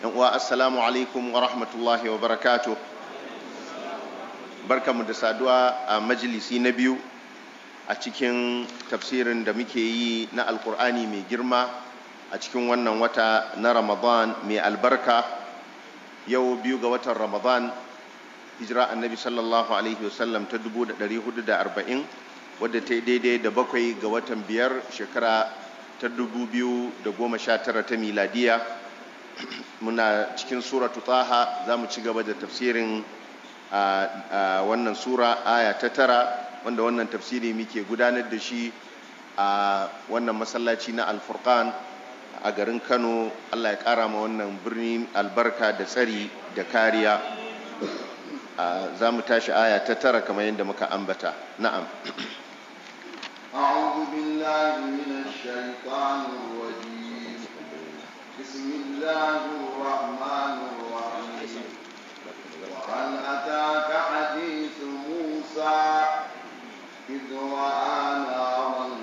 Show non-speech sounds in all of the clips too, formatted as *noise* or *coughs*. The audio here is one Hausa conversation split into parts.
yan uwa assalamu alaikum wa rahmatullahi wa barakatuh barkamu da saduwa a majalisi na biyu a cikin tafsirin da muke yi na alkur'ani mai girma a cikin wannan wata na ramadan mai albarka yau biyu ga watan ramadan hijira annabi sallallahu alaihi wasallam ta 440 wadda ta yi daidai da bakwai ga watan biyar shekara ta 2019 ta miladiya muna cikin suratu tsaha, za mu ci gaba da tafsirin wannan sura aya ta tara wanda wannan tafsiri muke gudanar da shi a wannan masallaci na alfurkan a garin kano allah ya kara ma wannan birni albarka da tsari da kariya za mu tashi aya ta tara kamar yadda muka ambata na'am a'udhu billahi بسم الله الرحمن الرحيم حديث موسى إذ رأى نارا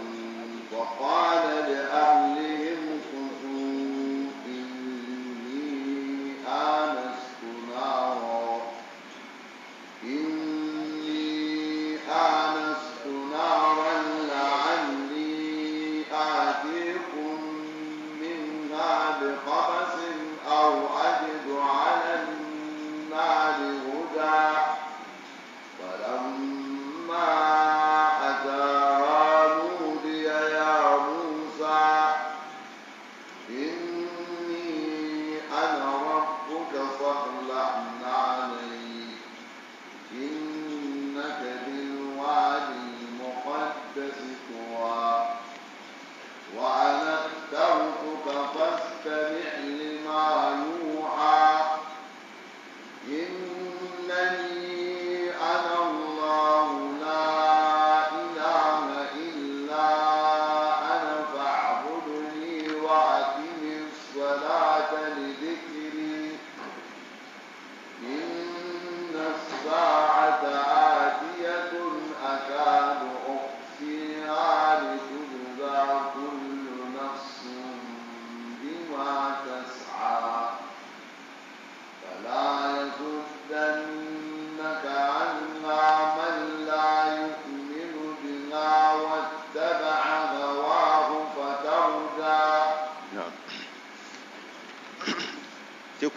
Krishna.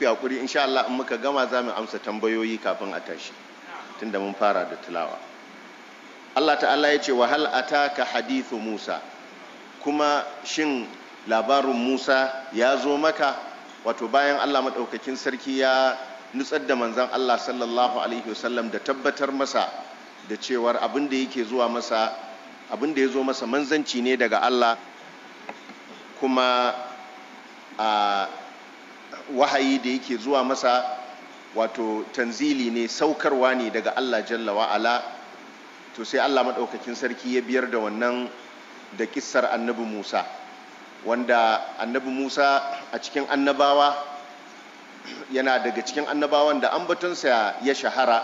ku hakuri insha Allah in muka gama za mu amsa tambayoyi kafin a tashi tunda mun fara da tilawa Allah ta'ala ya ce wa hal ataka hadithu Musa kuma shin labarin Musa ya zo maka wato bayan Allah madaukakin sarki ya nutsar da manzon Allah sallallahu alaihi wasallam da tabbatar masa da cewar abin da yake zuwa masa abin da ya zo masa manzanci ne daga Allah kuma a wahayi da yake zuwa masa wato tanzili ne saukarwa ne daga Allah jalla wa'ala to sai Allah maɗaukakin sarki ya biyar da wannan da kissar annabi Musa wanda annabi Musa a cikin annabawa yana daga cikin annabawan da ambatonsa ya shahara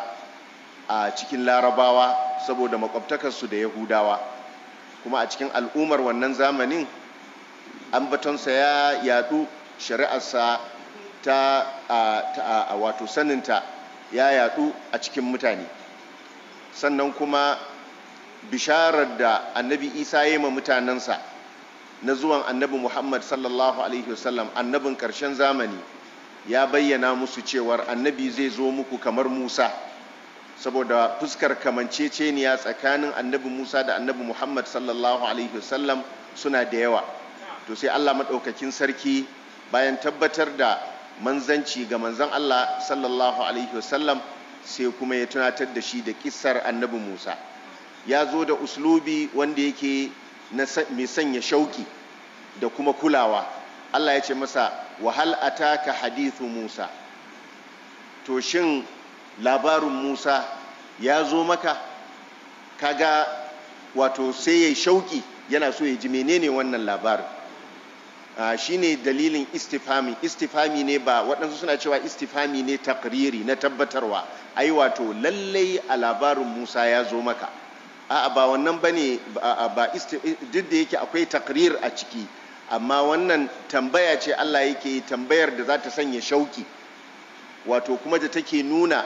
a cikin larabawa saboda makwabtakarsu da yahudawa kuma a cikin al'ummar wannan zamanin ambatonsa ya yadu shari'arsa ta a wato saninta ya yadu a cikin mutane sannan kuma bisharar da annabi isa ya yi ma mutanensa na zuwan annabi muhammad sallallahu alaihi wasallam annabin karshen zamani ya bayyana musu cewar annabi zai zo muku kamar musa saboda fuskar kamanceceniya tsakanin annabi musa da annabi muhammad sallallahu alaihi wasallam suna da yawa to sai allah maɗaukakin sarki bayan tabbatar da manzanci ga manzan Allah sallallahu alaihi wasallam sai kuma ya tunatar da shi da kisar annabi Musa ya zo da uslubi wanda yake mai sanya shauki da kuma kulawa Allah ya ce masa wahal ataka hadithu Musa to shin labarin Musa ya zo maka kaga wato sai ya shauki yana so ya ji menene wannan labarin Ah, shine dalilin istifami istifami ne ba waɗansu suna cewa istifami ne takriri na tabbatarwa ai wato lallai a labarin musa ya zo maka a'a ba wannan bane ba duk da yake akwai takrir a ciki amma wannan tambaya ce allah yake yi tambayar da za ta sanya shauki wato kuma da take nuna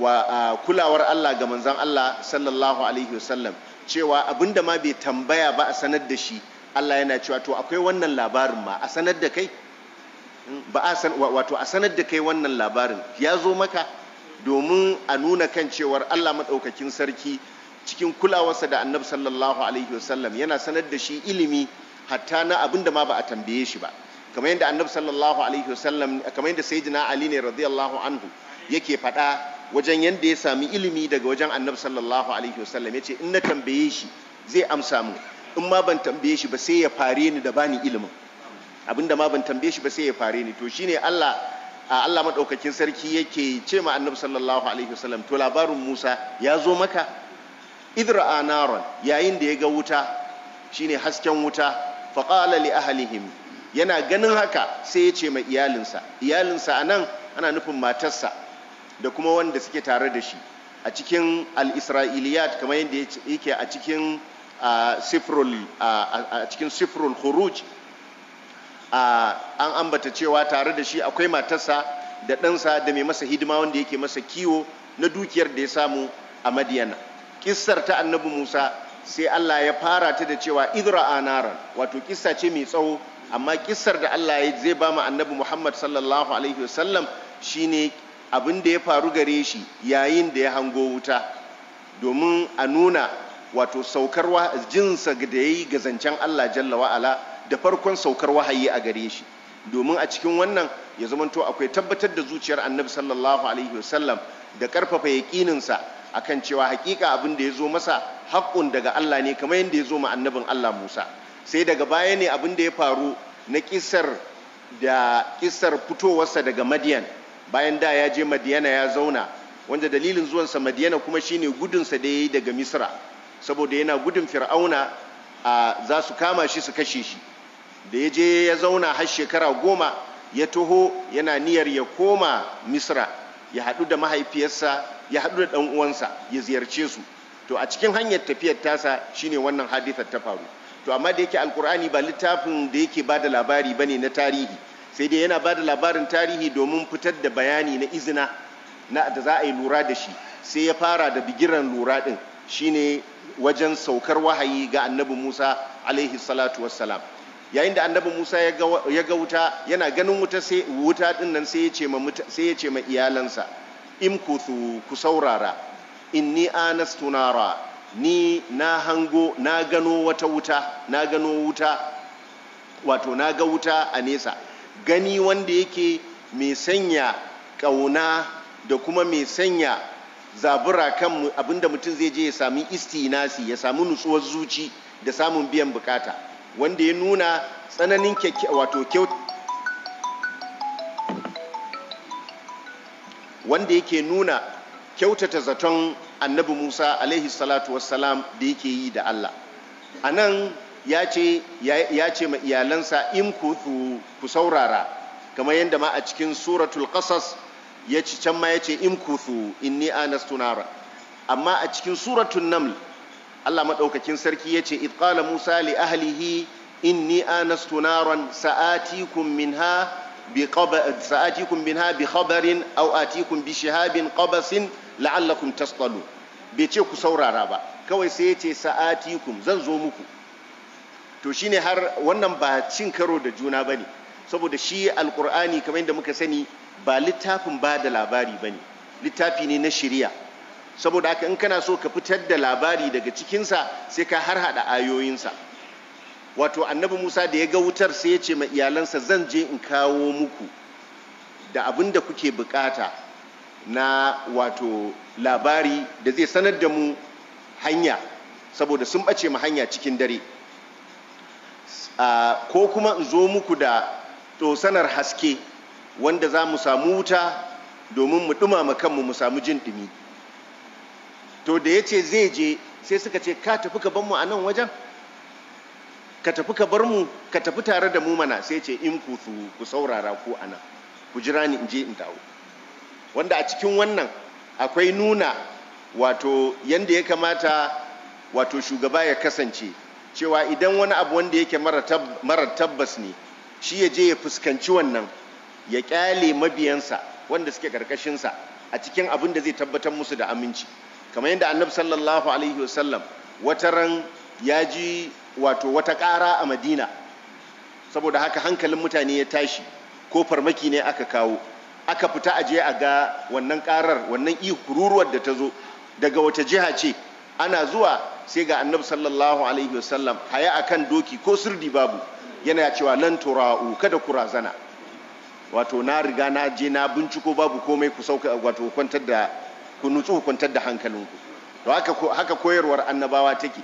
wa kulawar allah ga manzan allah sallallahu alaihi wasallam cewa abinda ma bai tambaya ba a sanar da shi Allah yana cewa to akwai wannan labarin ma a sanar da kai hmm, ba a san wato a sanar da kai wannan labarin ya zo maka domin a nuna kan cewar Allah maɗaukakin sarki cikin kulawarsa da annabi sallallahu alaihi wasallam yana sanar da shi ilimi hatta na abin da ma ba a tambaye shi ba kamar yadda annabi sallallahu alaihi wasallam kamar yadda sayyidina ali ne radiyallahu anhu yake faɗa wajen yadda ya sami ilimi daga wajen annabi sallallahu alaihi wasallam yace in na tambaye shi zai amsa mu in ma ban tambaye shi ba sai ya fare ni da bani ilimin abinda ma ban tambaye shi ba sai ya fare ni to shine Allah a Allah madaukakin sarki yake ce ma Annabi sallallahu alaihi wasallam to labarin Musa ya zo maka idra anaran yayin da ya ga wuta shine hasken wuta faqala li ahlihim yana ganin haka sai ya ce ma iyalinsa iyalinsa anan ana nufin matarsa da kuma wanda suke tare da shi a cikin al-isra'iliyat kamar yadda yake a cikin a cikin sifrul khuruj an ambata cewa tare da shi akwai matarsa da ɗansa da mai masa hidima wanda yake masa kiwo na dukiyar da ya samu a madiyana kissar ta annabi musa sai allah ya fara ta da cewa idra anaran wato kissa ce mai tsawo amma kissar da allah ya zai ba mu annabi muhammad sallallahu alaihi wasallam shine abin da ya faru gare shi yayin da ya hango wuta domin a nuna wato saukar jinsa da ya yi ga zancen Allah jalla wa'ala da farkon saukar wahayi a gare shi domin a cikin wannan ya zamanto akwai tabbatar da zuciyar annabi sallallahu alaihi wasallam da karfafa yaƙininsa akan cewa hakika abin da ya zo masa haƙƙun daga Allah ne kamar yadda ya zo ma annabin Allah Musa sai daga baya ne abin da ya faru na kisar da kisar fitowarsa daga Madiyan bayan da ya je Madiyana ya zauna wanda dalilin zuwansa Madiyana kuma shine gudunsa da ya yi daga Misra saboda yana gudun fir'auna za su kama shi su kashe shi da ya je ya zauna har shekara goma ya taho yana niyyar ya koma misra ya haɗu da mahaifiyarsa ya haɗu da ɗan uwansa ya ziyarce su to a cikin hanyar tafiyar tasa shine wannan hadithar ta faru to amma da yake alkur'ani ba littafin da yake ba da labari ba ne na tarihi sai dai yana ba da labarin tarihi domin fitar da bayani na izina da za a yi lura da shi sai ya fara da bigiran lura ɗin shine wajen saukar wahayi ga annabi Musa alaihi salatu wassalam yayin da annabi Musa ya ga wuta yana ganin wuta sai wuta din nan sai ya ce ma sai ya ce ma iyalansa in ku saurara inni anastu nara ni na hango na gano wata wuta na gano wuta wato na ga wuta a nesa gani wanda yake mai sanya kauna da kuma mai sanya zabura kan abinda mutum zai je ya sami istinasi ya sami nutsuwar zuci da samun biyan bukata wanda ya nuna tsananin wato wanda yake nuna kyautata zaton annabi musa alaihi salatu wassalam da yake yi da allah a nan ya ce ma iyalansa in ku saurara kamar yadda ma a cikin suratul qasas ya ci can ma ya ce imkuthu inni anastu nara amma a cikin suratun naml Allah maɗaukakin sarki ya ce itkala musa li ahlihi inni anastu naran sa'atikum minha bi sa'atikum minha bi khabarin aw atikum bi shihabin qabasin la'allakum tasqalu bai ce ku saurara ba kawai sai ya ce sa'atikum zan zo muku to shine har wannan ba cin karo da juna ba ne. saboda shi alqur'ani kamar yadda muka sani ba littafin ba da labari ba ne littafi ne na shirya saboda haka in kana so ka fitar da labari daga cikinsa sai ka har hada ayoyinsa wato annabi musa da ya ga wutar sai ya ce ma iyalansa zan je in kawo muku da abin da kuke bukata na wato labari da zai sanar da mu hanya saboda sun bace mu hanya cikin dare ko kuma in zo muku da sanar haske wanda za mu samu wuta domin mu ɗumama kanmu mu samu jin ɗumi to da ya ce zai je sai suka ce ka tafi ka banmu a nan wajen ka tafi ka bar mu ka tafi tare da mu mana sai ce in ku ku saurara ku a nan ku jira ni in je in dawo wanda a cikin wannan akwai nuna wato yanda ya kamata wato shugaba ya kasance cewa idan wani abu wanda yake mara tabbas ne shi ya je ya fuskanci wannan ya kyale mabiyansa wanda suke karkashinsa a cikin abin da zai tabbatar musu da aminci kamar yadda annabi sallallahu alaihi wasallam wata ran ya ji wato wata ƙara a madina saboda haka hankalin mutane ya tashi ko farmaki ne aka kawo aka fita a je a ga wannan ƙarar wannan kururuwar da ta zo daga wata jiha ce ana zuwa sai ga annabi sallallahu alaihi wasallam haya akan doki ko sirdi babu yana cewa lan tura'u kada kurazana wato na riga na je na binciko babu komai ku sauka wato kwantar da ku nutsu kwantar da hankalinku to haka haka koyarwar annabawa take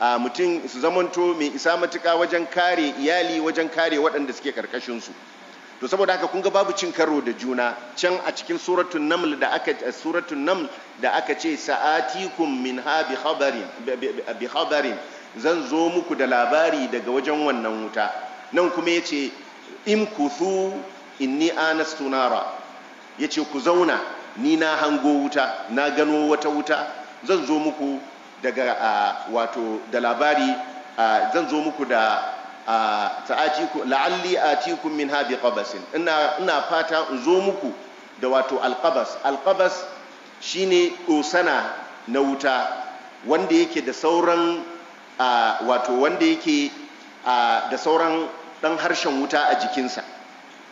a mutum su zamanto mai isa matuka wajen kare iyali wajen kare waɗanda suke karkashin su to saboda haka kun ga babu cin karo da juna can a cikin suratul naml da aka suratul naml da aka ce sa'atikum Min bi khabarin bi khabarin zan zo muku da labari daga wajen wannan wuta nan kuma yace kuthu inni anastu nara yace ku zauna ni na hango wuta na gano wata wuta zan zo muku daga wato da labari zan zo muku da ta'atiku la'alli atikum minha qabasin, ina ina fata in zo muku da wato alqabas alqabas shine ɗosana na wuta wanda yake da sauran wato wanda yake da sauran dan harshen wuta a jikinsa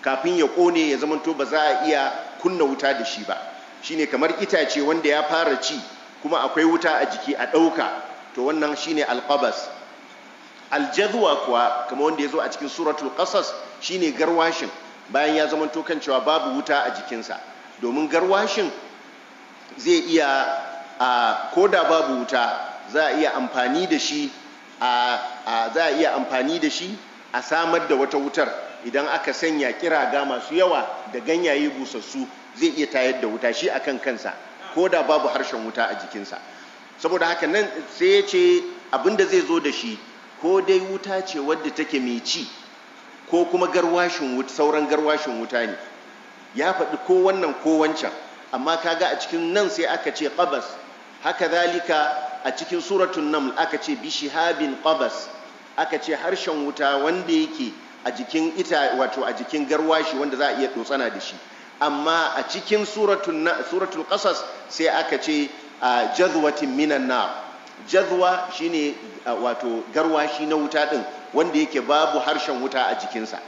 kafin ya kone ya zamanto ba za a iya kunna wuta da shi ba shine kamar itace wanda ya fara ci kuma akwai wuta a jiki a ɗauka to wannan shine alqabas aljadwa kuwa kamar wanda ya zo a cikin suratul qasas shine garwashin bayan ya zamanto kan cewa babu wuta a jikinsa domin garwashin zai iya a koda babu wuta za a za a iya amfani da shi a samar da wata wutar idan aka sanya kiraga masu yawa da ganyaye busassu zai iya tayar da wuta shi akan kansa ko da babu harshen wuta a jikinsa saboda haka nan sai ya ce abinda zai zo da shi ko dai wuta ce wadda take mai ci ko kuma garwashin wuta sauran garwashin wuta ne ya faɗi ko wannan ko wancan amma kaga a cikin nan sai aka ce qabas haka zalika a cikin suratun naml aka ce bishihabin qabas aka ce harshen wuta wanda yake a jikin ita wato a jikin garwashi wanda za a iya dotsana da shi amma a cikin suratul suratul qasas sai aka ce a jazwatin minan na jazwa shine wato garwashi na wuta din wanda yake babu harshen wuta a jikinsa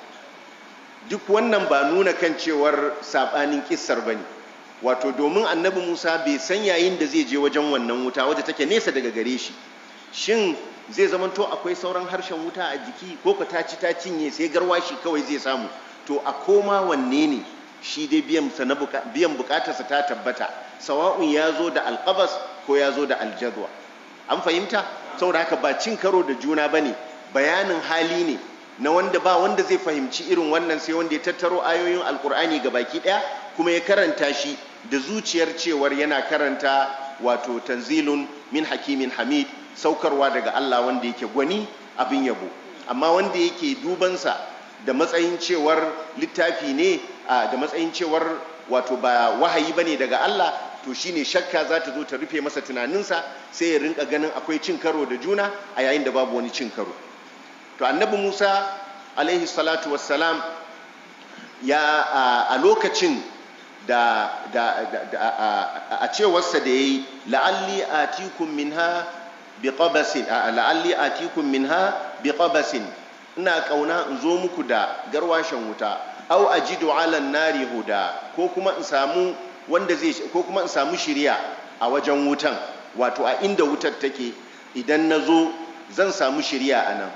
duk wannan ba nuna kan cewar sabanin kissar bane wato domin annabi Musa bai san yayin da zai je wajen wannan wuta wadda take nesa daga gare shi shin zai zamanto akwai sauran harshen wuta a jiki ko ka taci ta cinye sai garwashi kawai zai samu to a koma wanne ne shi dai biyan bukatarsa ta tabbata sawa'un ya zo da alkabas ko ya zo da aljadwa an fahimta saboda haka ba cin karo da juna ba ne bayanin hali ne na wanda ba wanda zai fahimci irin wannan sai wanda ya tattaro ayoyin alkur'ani ga baki ɗaya? kuma ya karanta shi da zuciyar cewar yana karanta wato tanzilun min hakimin hamid saukarwa daga Allah wanda yake gwani abin yabo amma wanda yake dubansa da matsayin cewar littafi ne da matsayin cewar wato ba wahayi bane daga Allah to shine shakka za ta zo ta rufe masa tunaninsa sai ya rinka ganin akwai cin karo da juna a yayin da babu wani cin karo to annabi Musa alaihi salatu wassalam ya a lokacin da a cewarsa da ya yi, la'alli a minha min la'alli minha biqabasin ina ƙauna in zo muku da garwashen wuta au ajidu ala nari huda ko kuma wanda zai ko kuma in samu shirya a wajen wutan wato a inda wutar take idan na zo zan samu shirya a nan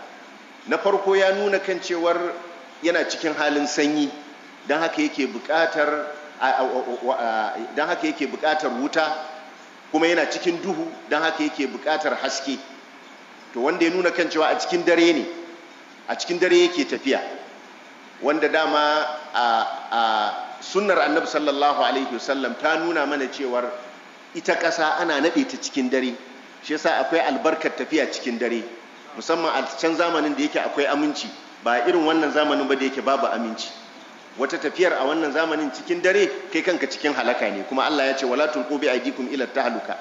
na farko ya nuna kan cewar yana cikin halin sanyi don haka yake buƙatar don haka yake buƙatar wuta kuma yana cikin duhu don haka yake buƙatar haske to wanda ya nuna kan cewa a cikin dare ne a cikin dare yake tafiya wanda dama a sunnar annabi sallallahu alaihi wasallam ta nuna mana cewar ita ƙasa ana naɗe ta cikin dare shi yasa akwai albarkar tafiya cikin dare musamman a can zamanin da yake akwai aminci ba irin wannan zamanin ba da yake babu aminci wata tafiyar a wannan zamanin cikin dare kai kanka cikin halaka ne kuma Allah ya ce wala tulqu bi aydikum ila tahluka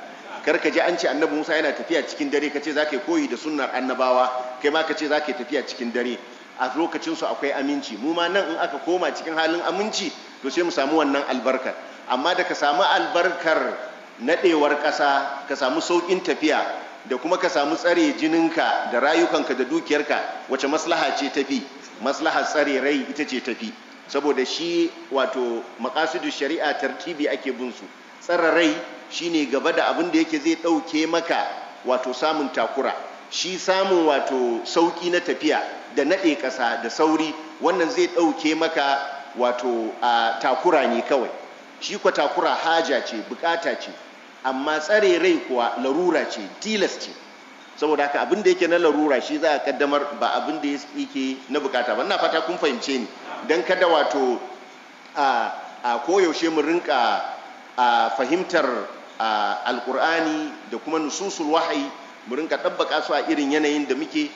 kar ka ji an ce annabi Musa yana tafiya cikin dare ka ce zaka koyi da sunnar annabawa kai ma ka ce zaka tafiya cikin dare a lokacin su akwai aminci mu ma nan in aka koma cikin halin aminci to sai mu samu wannan albarkar amma da ka samu albarkar nadewar ƙasa ka samu saukin tafiya da kuma ka samu tsare jininka da rayukanka da dukiyarka wace maslaha ce tafi maslahar tsare rai ita ce tafi saboda shi wato makasudu shari'a tartibi ake bin su tsararai shine gaba da abin da yake zai ɗauke maka wato samun takura shi samun wato sauƙi na tafiya da naɗe ƙasa da sauri wannan zai ɗauke maka wato a takura ne kawai shi kwa takura haja ce bukata ce amma tsare rai kuwa larura ce tilas ce saboda haka abin da yake na larura shi za a kaddamar ba abin da yake na bukata ba ina fata kun fahimce ni don kada wato a koyaushe mu rinka fahimtar alkur'ani da kuma nususul wahayi mu rinka ɗabbaka su a irin yanayin da muke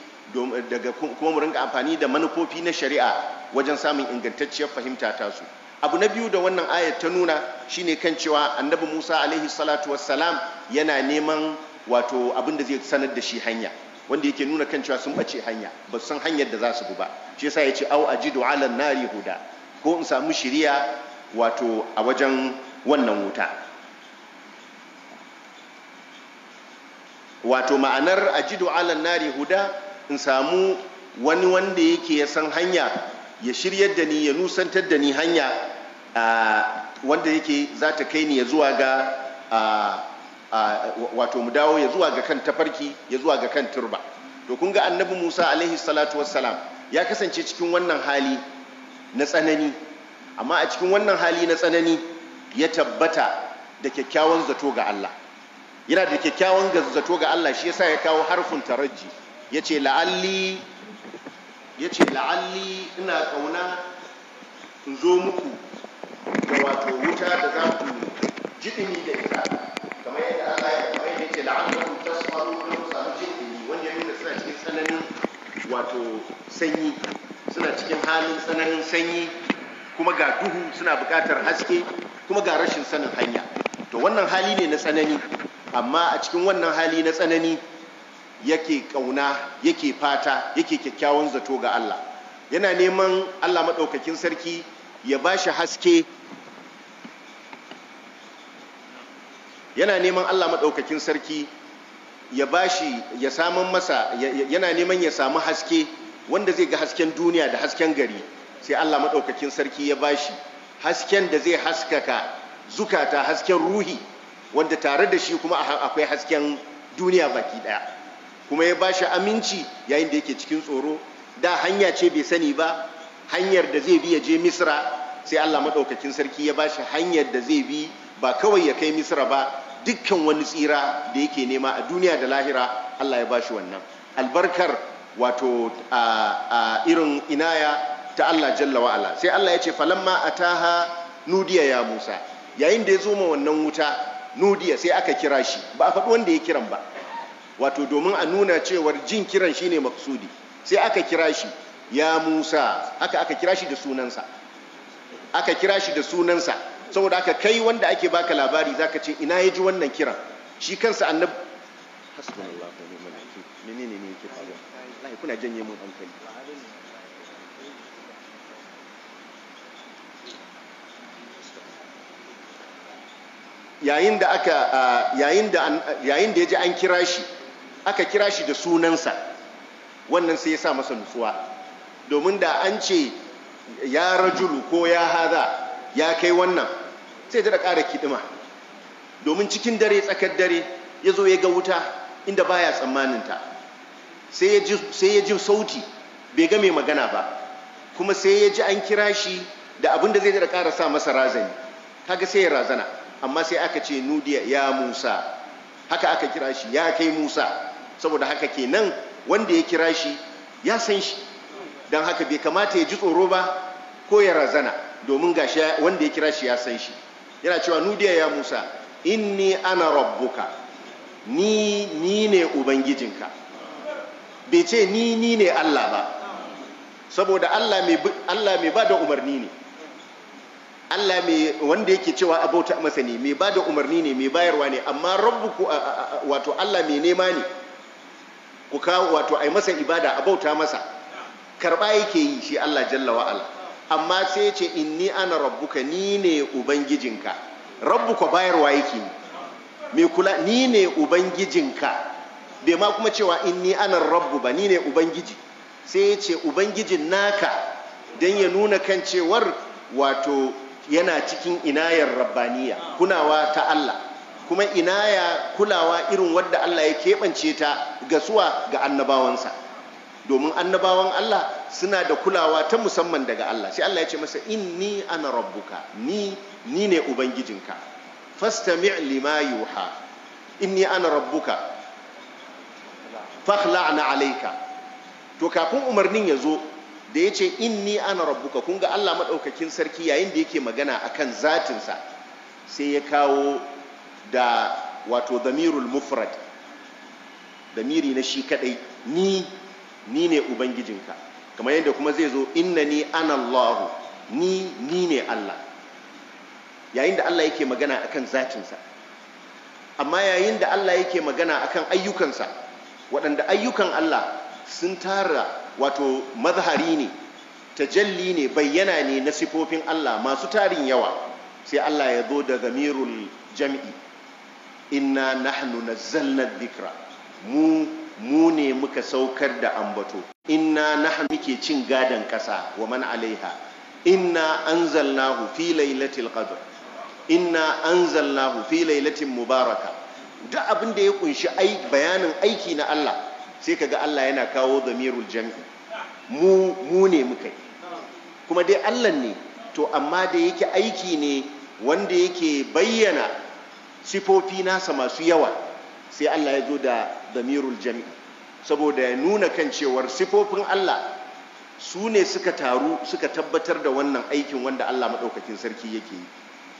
daga kuma mu rinka amfani da manufofi na shari'a wajen samun ingantacciyar fahimta ta su abu na biyu da wannan ayat ta nuna shine kan cewa annabi musa alaihi salatu wassalam yana neman wato abin da zai sanar da shi hanya wanda yake nuna kan cewa sun bace hanya ba san hanyar da za su bi ba shi yasa yace au ajidu ala nari huda ko in samu shiriya wato a wajen wannan wuta wato ma'anar ajidu ala nari huda in samu wani wanda yake ya san hanya ya shiryar da ni ya nusantar da ni hanya wanda yake za ta kai ni ya zuwa ga wato mu dawo ya zuwa ga kan tafarki ya zuwa ga kan turba to kun ga annabi Musa alaihi salatu wassalam ya kasance cikin wannan hali na tsanani amma a cikin wannan hali na tsanani ya tabbata da kyakkyawan zato ga Allah yana da kyakkyawan zato ga Allah shi yasa ya kawo harfin taraji yace la'alli yace la'alli ina kauna in zo muku da wato wuta da za ku jiɗini da ita kamar yadda Allah ya kamar yadda yake la'annakum tasfaru lam samu jiddi wanda ya suna cikin tsananin wato sanyi suna cikin halin tsananin sanyi kuma ga duhu suna buƙatar haske kuma ga rashin sanin hanya to wannan hali ne na tsanani amma a cikin wannan hali na tsanani yake ƙauna yake fata yake kyakkyawan zato ga Allah yana neman Allah maɗaukakin sarki ya ba shi haske yana neman Allah maɗaukakin sarki ya bashi ya samun masa yana neman ya samu haske wanda zai ga hasken duniya da hasken gari sai Allah maɗaukakin sarki ya bashi hasken da zai haskaka zukata hasken ruhi wanda tare da shi kuma akwai hasken duniya baki ɗaya kuma ya bashi aminci yayin da yake cikin tsoro da hanya ce bai sani ba hanyar da zai bi ya je misra sai Allah maɗaukakin sarki ya bashi hanyar da zai bi ba kawai ya kai misra ba dukkan wani tsira da yake nema a duniya da lahira Allah ya bashi wannan albarkar wato a irin inaya ta Allah jalla wa'ala sai Allah ya ce falamma ataha nudiya ya Musa yayin da ya zo ma wannan wuta nudiya sai aka kira shi ba a faɗi wanda ya kiran ba wato domin a nuna cewar jin kiran shine maksudi sai aka kira shi ya Musa aka aka kira shi da sunansa saboda aka kai wanda ake baka labari zaka ce ina ya ji wannan kira shi kansa annabi hasbunallahu wa ni'mal wakil menene ne yake faruwa wallahi kuna janye mun hankali yayin da aka yayin da yayin da yaji an kira shi aka kira shi da sunansa wannan sai ya sa masa nutsuwa domin da an ce ya rajulu ko ya hada ya kai wannan sai da ƙara kiɗima domin cikin dare tsakar dare ya zo ya ga wuta inda baya tsammaninta sai ya ji sauti bai ga mai magana ba kuma sai ya ji an kira shi da abin da zai da ƙara sa masa razani kaga sai ya razana amma sai aka ce nudiya ya musa haka aka kira shi ya kai musa saboda haka kenan wanda ya kira shi ya san shi don haka bai kamata ya ji tsoro ba ko ya razana domin ga shi wanda ya kira shi ya san shi yana cewa nudiya ya Musa inni ana rabbuka ni ni ne ubangijinka bai ce ni ni ne Allah ba saboda Allah mai ba da umarni ne Allah mai wanda yake cewa abota masa ne mai ba da umarni ne mai bayarwa ne amma rabbuku wato Allah mai nema ne ku kawo wato a yi masa ibada abauta masa karba yake yi shi Allah jalla wa amma sai ce inni ana rabbuka ni ne ubangijinka rabbuka bayarwa yake mai kula ni ne ubangijinka bai ma kuma cewa inni ana rabbu ba ni ne ubangiji sai ce ubangijin naka don ya nuna kan cewar wato yana cikin inayar rabbaniya kunawa ta Allah kuma inaya kulawa irin wadda Allah ya keɓance ta ga suwa ga annabawansa domin annabawan Allah suna da kulawa ta musamman daga Allah sai Allah ya ce masa ni ana rabbuka ni ni ne ubangijinka fastami' lima yuha ni ana rabbuka na alaika. to kafin umarnin ya zo da ya ce ni ana rabbuka kun ga Allah maɗaukakin sarki yayin da yake magana akan zatinsa sai ya kawo da wato damirul mufrad damiri na shi kadai ni ni ne ubangijinka kamar yadda kuma zai zo inna ni anallahu ni ni ne Allah yayin da Allah yake magana akan zatinsa amma yayin da Allah yake magana akan ayyukansa waɗanda ayyukan Allah sun tara wato mazhari ne tajalli ne bayyana ne na sifofin Allah masu tarin yawa sai Allah ya zo da zamirul jam'i inna nahnu nazzalna dhikra mu mu ne muka saukar da ambato inna hannu muke cin gadon ƙasa wa man alaiha inna anzalnahu fi lailatul qadr inna anzalnahu fi lailatin mubaraka duk abin da ya kunshi bayanin aiki na Allah sai kaga Allah yana kawo zamirul jam'i mu mu ne muka kuma dai Allah ne to amma da yake aiki ne wanda yake bayyana sifofi nasa masu yawa sai Allah ya zo da damirul jami saboda ya nuna kan cewar sifofin Allah su ne suka taru suka tabbatar da wannan aikin wanda Allah maɗaukakin sarki yake yi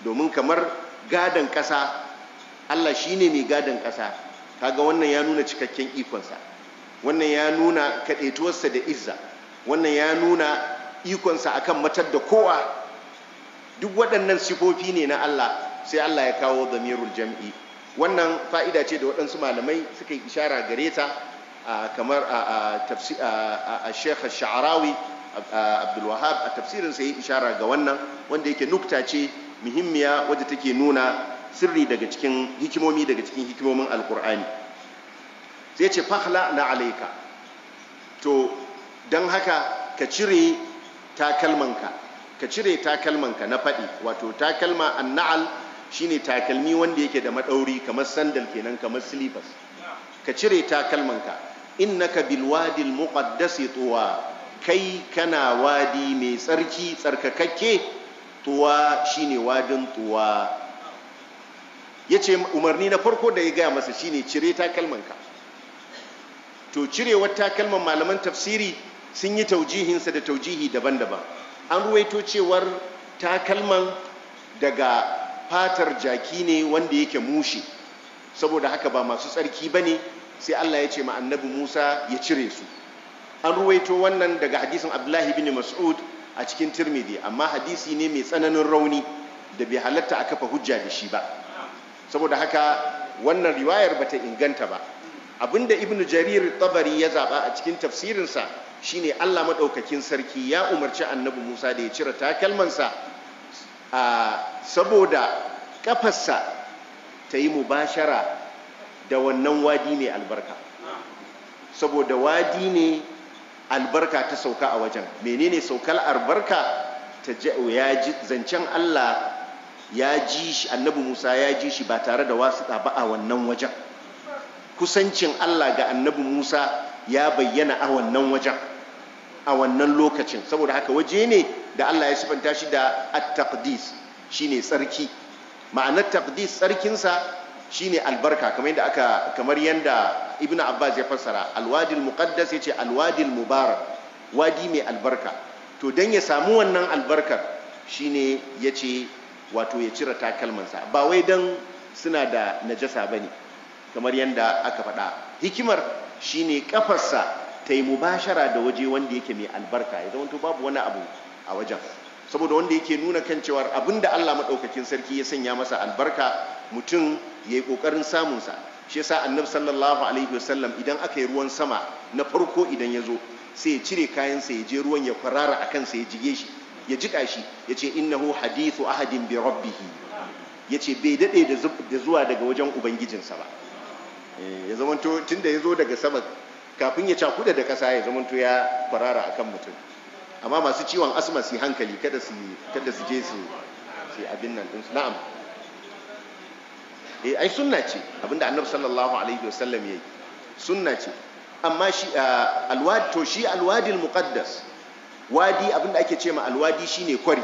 domin kamar gadon ƙasa Allah shi ne mai gadon ƙasa kaga wannan ya nuna cikakken ikonsa wannan ya nuna kaɗaituwarsa da izza wannan ya nuna ikonsa akan matar da kowa duk waɗannan sifofi ne na Allah sai Allah ya kawo damirul jam'i wannan fa'ida ce da waɗansu malamai suka yi ishara gare ta kamar a shekhar sha'arawi abdulwahab a tafsirin sai ishara ga wannan wanda yake nukta ce muhimmiya wadda take nuna sirri daga cikin hikimomi daga cikin hikimomin alkur'ani sai ce fahla na alaika to don haka ka cire takalmanka ka cire takalmanka na faɗi wato takalma na'al. shine takalmi wanda yake da madauri kamar sandal kenan kamar slippers ka cire takalmanka innaka bil wadil muqaddasi tuwa kai kana wadi mai tsarki tsarkakakke tuwa shine wadin tuwa yace umarni na farko da ya gaya masa shine cire takalmanka to cirewar takalman malaman tafsiri sun yi taujihinsa da taujihi daban-daban an ruwaito cewar takalman daga fatar jaki ne wanda yake mushi saboda haka ba masu tsarki ba ne sai Allah ya ce ma annabi Musa ya cire su an ruwaito wannan daga hadisin Abdullahi bin Mas'ud a cikin Tirmidhi amma hadisi ne mai tsananin rauni da bai halatta a kafa hujja da shi ba saboda haka wannan riwayar ba ta inganta ba abinda Ibn Jarir Tabari ya zaba a cikin tafsirinsa shine Allah maɗaukakin sarki ya umarci annabi Musa da ya cire takalmansa a saboda kafarsa ta yi mubashara da wannan wadi ne albarka saboda wadi ne albarka ta sauka a wajen menene saukar albarka ta zancen Allah ya ji shi annabi Musa ya ji shi ba tare da wasu ba a wannan wajen kusancin Allah ga annabi Musa ya bayyana a wannan wajen a wannan lokacin saboda haka waje ne da Allah ya sifanta shi da at-taqdis shine tsarki ma'anar taqdis tsarkinsa shine albarka kamar yadda aka kamar yanda ibnu abbas ya fassara alwadil muqaddas yace alwadil mubarak wadi mai albarka to dan ya samu wannan albarkar shine yace wato ya cire takalmansa ba wai dan suna da najasa bane kamar yadda aka faɗa hikimar shine kafarsa ta yi mubashara da waje wanda yake mai albarka ya zama babu wani abu a wajen saboda wanda yake nuna kan cewa abin da Allah maɗaukakin sarki ya sanya masa albarka mutum ya yi ƙoƙarin samunsa shi yasa annabi sallallahu alaihi wasallam idan aka yi ruwan sama na farko idan ya zo sai ya cire kayansa ya je ruwan ya kwarara a kansa ya jige shi ya jiƙa shi ya ce innahu hadithu ahadin bi rabbihi ya ce bai daɗe da zuwa daga wajen ubangijinsa ba eh, ya zama tun da ya zo daga sama kafin ya cakuda da ƙasa ya zamanto ya farara kan mutum amma masu ciwon asma su hankali kada su je su su abin nan ɗin na'am eh ai sunna ce abinda annabi sallallahu alaihi wasallam yayi sunna ce amma shi alwadi to shi alwadil muqaddas wadi abinda ake ce ma alwadi shine kwari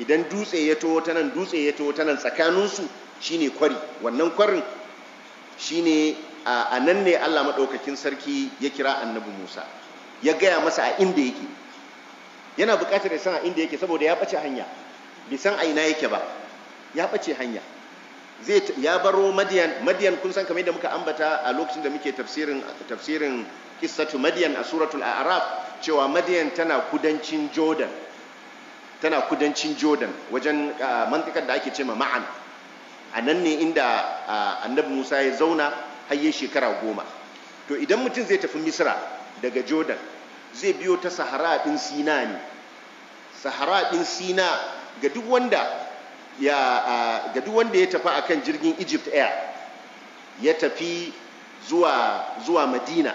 idan dutse ya to ta nan dutse ya to ta nan tsakaninsu shine kwari wannan kwarin shine a nan ne Allah maɗaukakin sarki ya kira annabi Musa ya gaya masa a inda yake yana buƙatar ya san a inda yake saboda ya ɓace hanya bai san a ina yake ba ya ɓace hanya zai ya baro madiyan madiyan kun san kamar yadda muka ambata a lokacin da muke tafsirin tafsirin qissatu madiyan a suratul a'raf cewa madiyan tana kudancin jordan tana kudancin jordan wajen mantikar da ake ce ma ma'an a nan ne inda annabi musa ya zauna har shekara goma to idan mutum zai tafi misra daga jordan zai biyo ta sahara ɗin sina ne sahara ɗin sina ga duk wanda ya tafi akan jirgin egypt air ya tafi zuwa madina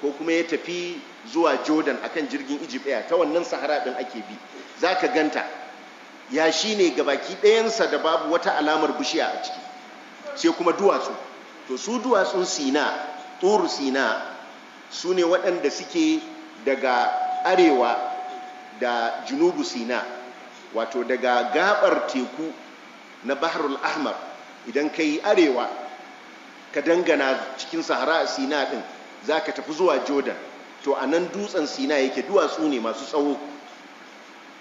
ko kuma ya tafi zuwa jordan akan jirgin egypt air ta wannan sahara ɗin ake bi za ka ganta ya shi ne gabaki ɗayansa da babu wata alamar bishiya a ciki sai kuma duwatsu to su duwatsun sina turu sina su ne waɗanda suke daga arewa da junubu sina wato daga gabar teku na baharul ahmar idan ka yi arewa ka dangana cikin sahara a sina ɗin za ka tafi zuwa jordan to a nan dutsen sina yake duwatsu ne masu tsawo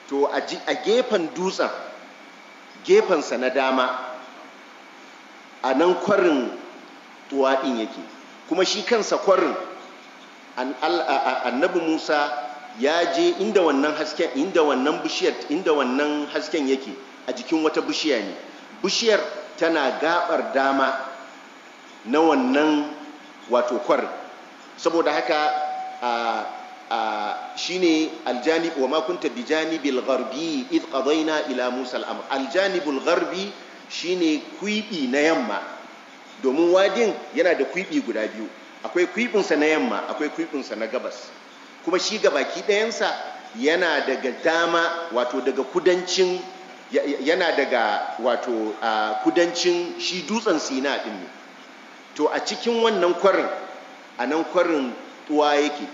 to a gefen dutsen gefensa na dama a nan kwarin uwa ɗin yake kuma shi kansa kwarin annabi musa ya je inda wannan hasken inda wannan bishiyar inda wannan hasken yake a jikin wata bishiya ne bishiyar tana gabar dama na wannan wato kwarin saboda haka a a shine aljanib wa ma kunta bijanibil gharbi id qadayna ila musa al-amr aljanibul gharbi shine kwibi na yamma domin wadin yana da kwiɓi guda biyu akwai kwiɓinsa na yamma akwai kwiɓinsa na gabas kuma shi gabaki ɗayansa yana daga dama wato daga kudancin yana daga wato a kudancin shi dutsen sina ɗin ne to a cikin wannan kwarin a nan kwarin tuwa yake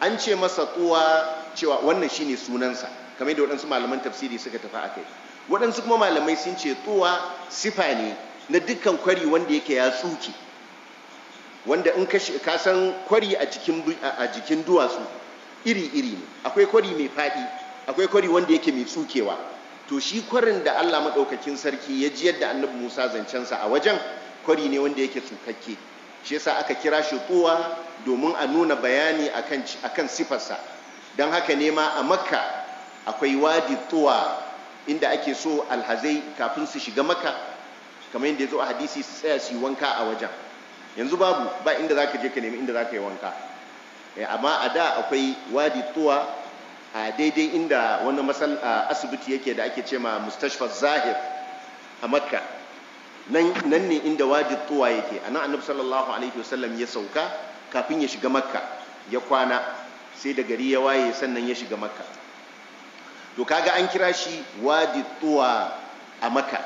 an ce masa tuwa cewa wannan shine sunansa kamar da waɗansu malaman tafsiri suka tafi a kai waɗansu kuma malamai sun ce tuwa sifa ne na dukkan kwari wanda yake ya tsuke wanda in ka san kwari a jikin duwatsu iri-iri ne akwai kwari mai faɗi akwai kwari wanda yake mai tsukewa to shi kwarin da Allah maɗaukakin sarki ya ji yadda annabi Musa zancensa a wajen kwari ne wanda yake tsukakke shi yasa aka kira shi tsuwa domin a nuna bayani akan akan sifarsa dan haka ne ma a makka akwai wadi tuwa inda ake so alhazai kafin su shiga makka kamar yadda ya zo a hadisi su tsaya su yi wanka a wajen yanzu babu ba inda za ka je ka nemi inda za ka yi wanka eh, amma a da akwai wadi tuwa a daidai inda wani masal asibiti yake da ake ce ma mustashfa zahir a makka nan ne inda wadi tuwa yake a nan annabi sallallahu alaihi wasallam ya sauka kafin ya shiga makka ya kwana sai da gari ya waye sannan ya shiga makka to kaga an kira shi wadi tuwa a makka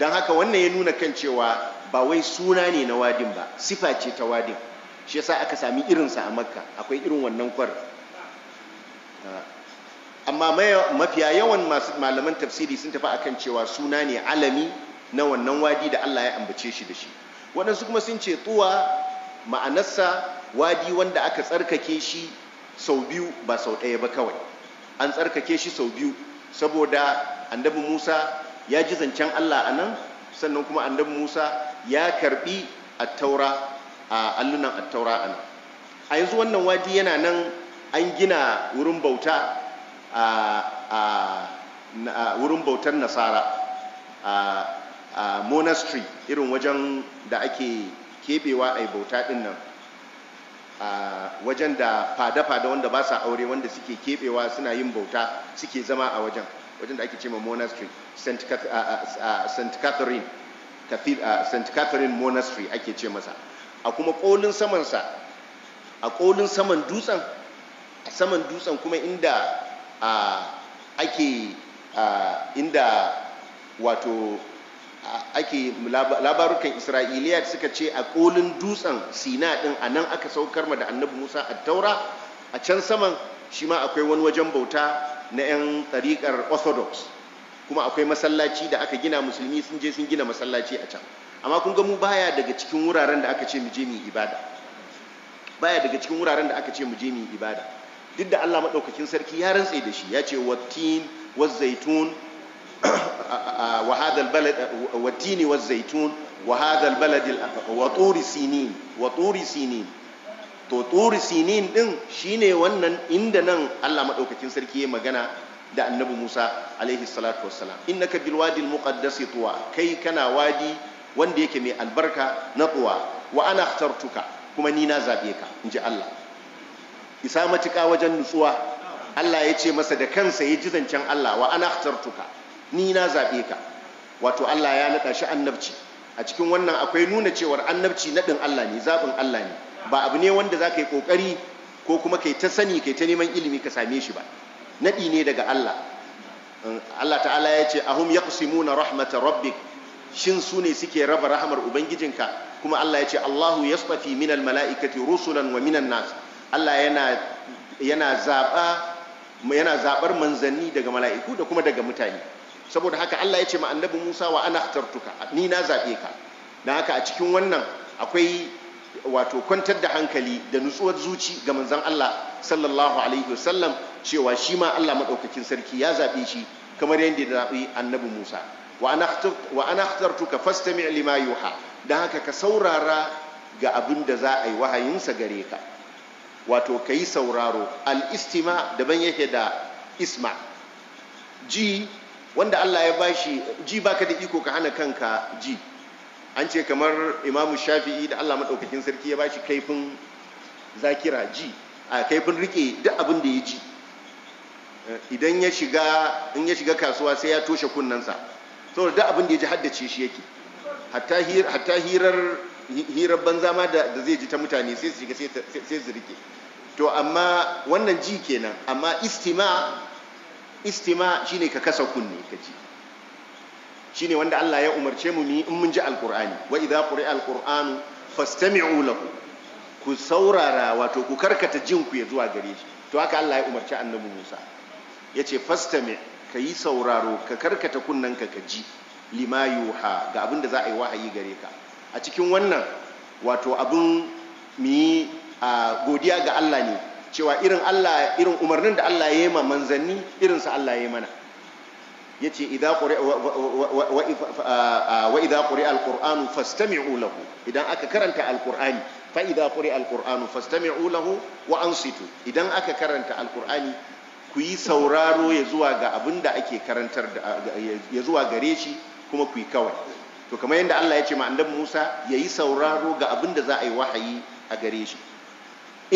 don haka wannan ya nuna kan cewa ba wai suna ne na wadin ba sifa ce ta wadin shi yasa aka sami irinsa a makka akwai irin wannan kwar amma mafiya yawan masu malaman tafsiri sun tafi akan cewa suna ne alami na wannan wadi da Allah ya ambace shi da shi waɗansu kuma sun ce tsuwa ma'anarsa wadi wanda aka tsarkake shi sau biyu ba sau ɗaya ba kawai an tsarkake shi sau biyu saboda annabi Musa ya ji zancen Allah a nan sannan kuma annabi Musa ya karbi attaura a allunan attaura a nan a yanzu wannan wadi yana nan an gina wurin bauta a wurin bautar nasara a monastery irin wajen da ake kebewa a bauta din nan a wajen da fada-fada wanda ba sa aure wanda suke kebewa suna yin bauta suke zama a wajen wajen da ake ce ma monastery st catherine st catherine monastery ake ce masa a kuma kolin samansa a kolin saman dutsen a saman dutsen kuma inda ake inda wato ake labarukan isra'iliya suka ce a kolin dutsen sina din a nan aka saukar ma da annabi musa a taura a can saman shi ma akwai wani wajen bauta na 'yan ɗariƙar orthodox kuma akwai masallaci da aka gina musulmi sun je sun gina masallaci a can amma kun ga mu baya daga cikin wuraren da aka ce mu je mu ibada baya daga cikin wuraren da aka ce mu je mu ibada duk da Allah madaukakin sarki ya rantse da shi ya ce wattin waz zaitun *coughs* wa hadha al balad wattini waz zaitun wa hadha balad wa turi sinin wa turi sinin to turi sinin din shine wannan inda nan Allah madaukakin sarki ya magana da annabi Musa alaihi salatu wassalam innaka bil wadi al muqaddas tuwa kai kana wadi wanda yake mai albarka na tuwa wa ana akhtartuka kuma ni na zabe ka inji Allah isa matuƙa wajen nutsuwa Allah ya ce masa da kansa ya ji zancen Allah wa ana akhtartuka ni na zabe ka wato Allah ya nada shi annabci a cikin wannan akwai nuna cewar annabci nadin Allah ne zabin Allah ne ba abu ne wanda za ka yi ƙoƙari ko kuma kai ta sani kai ta neman ilimi ka same shi ba naɗi ne daga Allah mm, Allah ta'ala ya ce ahum yaqsimuna rahmata rabbik shin su ne suke raba rahamar ubangijinka kuma Allah ya ce Allahu yasfafi minal mala'ikati rusulan wa minan nas Allah yana zaɓar yana manzanni daga mala'iku da kuma daga mutane saboda haka Allah ya ce ma annabi Musa wa ana tuka, ni na zaɓe ka Na haka a cikin wannan akwai wato kwantar da hankali da nutsuwar zuci ga manzon Allah sallallahu alaihi wasallam cewa shi ma Allah maɗaukakin sarki ya zaɓe shi kamar yadda ya zabi annabi Musa wa ana fasta fastami' lima yuha da haka ka saurara ga abin da za a yi wahayinsa gare ka wato ka yi sauraro al-istima daban yake da isma ji wanda Allah ya bashi ji baka da iko ka hana kanka ji an ce kamar imamu shafi'i da allah maɗaukakin sarki ya ba kaifin zakira ji a kaifin rike duk abin da ya ji idan ya shiga in ya shiga kasuwa sai ya toshe kunnensa saboda duk abin da ya ji haddace shi yake hatta hirar hirar banza ma da zai ji ta mutane sai su shiga sai su rike to amma wannan ji kenan amma istima istima shine ka kasa kunne ka ji shine wanda Allah ya umarce mu in mun ji alqur'ani wa idza quri'a alqur'anu fastami'u lahu ku saurara wato ku karkata jin ku ya zuwa gare shi to haka Allah ya umarci annabi Musa yace fastami yi sauraro ka karkata kunnanka ka ji lima yuha ga abin za a yi wahayi gare ka a cikin wannan wato abin mi a godiya ga Allah ne cewa irin Allah irin umarnin da Allah ya yi ma manzanni irin sa Allah ya yi mana yace idza quri'a wa idza quri'a alqur'anu fastami'u lahu idan aka karanta alqur'ani fa idza quri'a alqur'anu fastami'u lahu wa ansitu idan aka karanta alqur'ani ku yi sauraro ya zuwa ga abin da ake karantar da ya zuwa gare shi kuma ku yi kawai to kamar yadda Allah ya ce ma annabi Musa yayi sauraro ga abin da za a yi wahayi a gare shi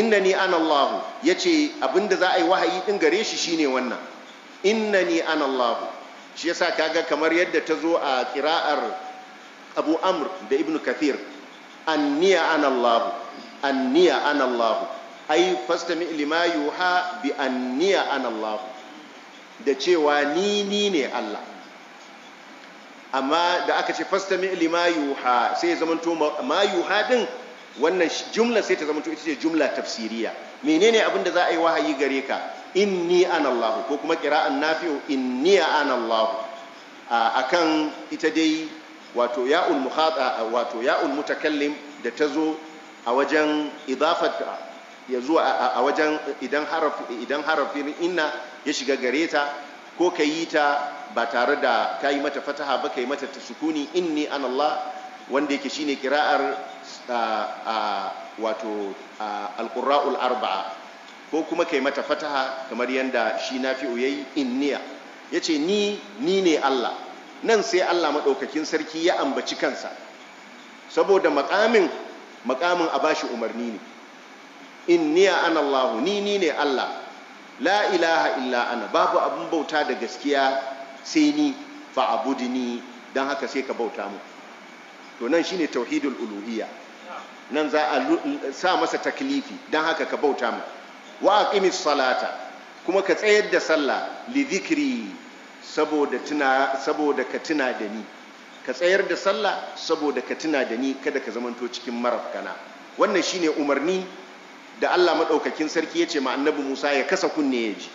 innani ana Allah yace abin da za a yi wahayi din gare shi shine wannan innani ana Allahu shi yasa kaga kamar yadda ta zo a kira'ar abu amr da ibn kathir An niya an allahu niya an allahu ai fastami lima yuha bi anniya an allahu da cewa ni ni ne allah amma da aka ce fastami lima yuha sai ya zamanto ma yuha din wannan jumla sai ta zama ita ce jumla tafsiriya menene abin da za a yi wahayi gare ka inni an Allahu! ko kuma qira'an nafi'u inni ana Allah akan ita dai wato ya'ul mukhata wato ya'ul mutakallim da ta zo a wajen idafata ya zuwa a wajen idan harafi idan harafin inna ya shiga gare ta ko ka yi ta ba tare da ka yi mata fataha ba ka yi mata sukuni inni an Allah wanda yake shine kira'ar wato alƙura'ul arba'a ko kuma kai mata fataha kamar yadda shi na nafi'u yayi inniya ce ni ni ne Allah nan sai Allah maɗaukakin sarki ya ambaci kansa saboda makamin makamin a bashi umarni ne inniya an Allah ni ni ne Allah la ilaha illa ana babu abin bauta da gaskiya sai ni fa ni. Don haka sai ka bauta mu to nan shine tauhidul uluhiyya nan za a sa masa taklifi dan haka ka bauta mu wa aqimis salata kuma ka tsayar da sallah li dhikri saboda tuna saboda ka tuna da ni ka tsayar da sallah saboda ka tuna da ni kada ka zamanto cikin marafkana wannan shine umarni da Allah madaukakin sarki ya ce ma annabi Musa ya kasa kunne ya ji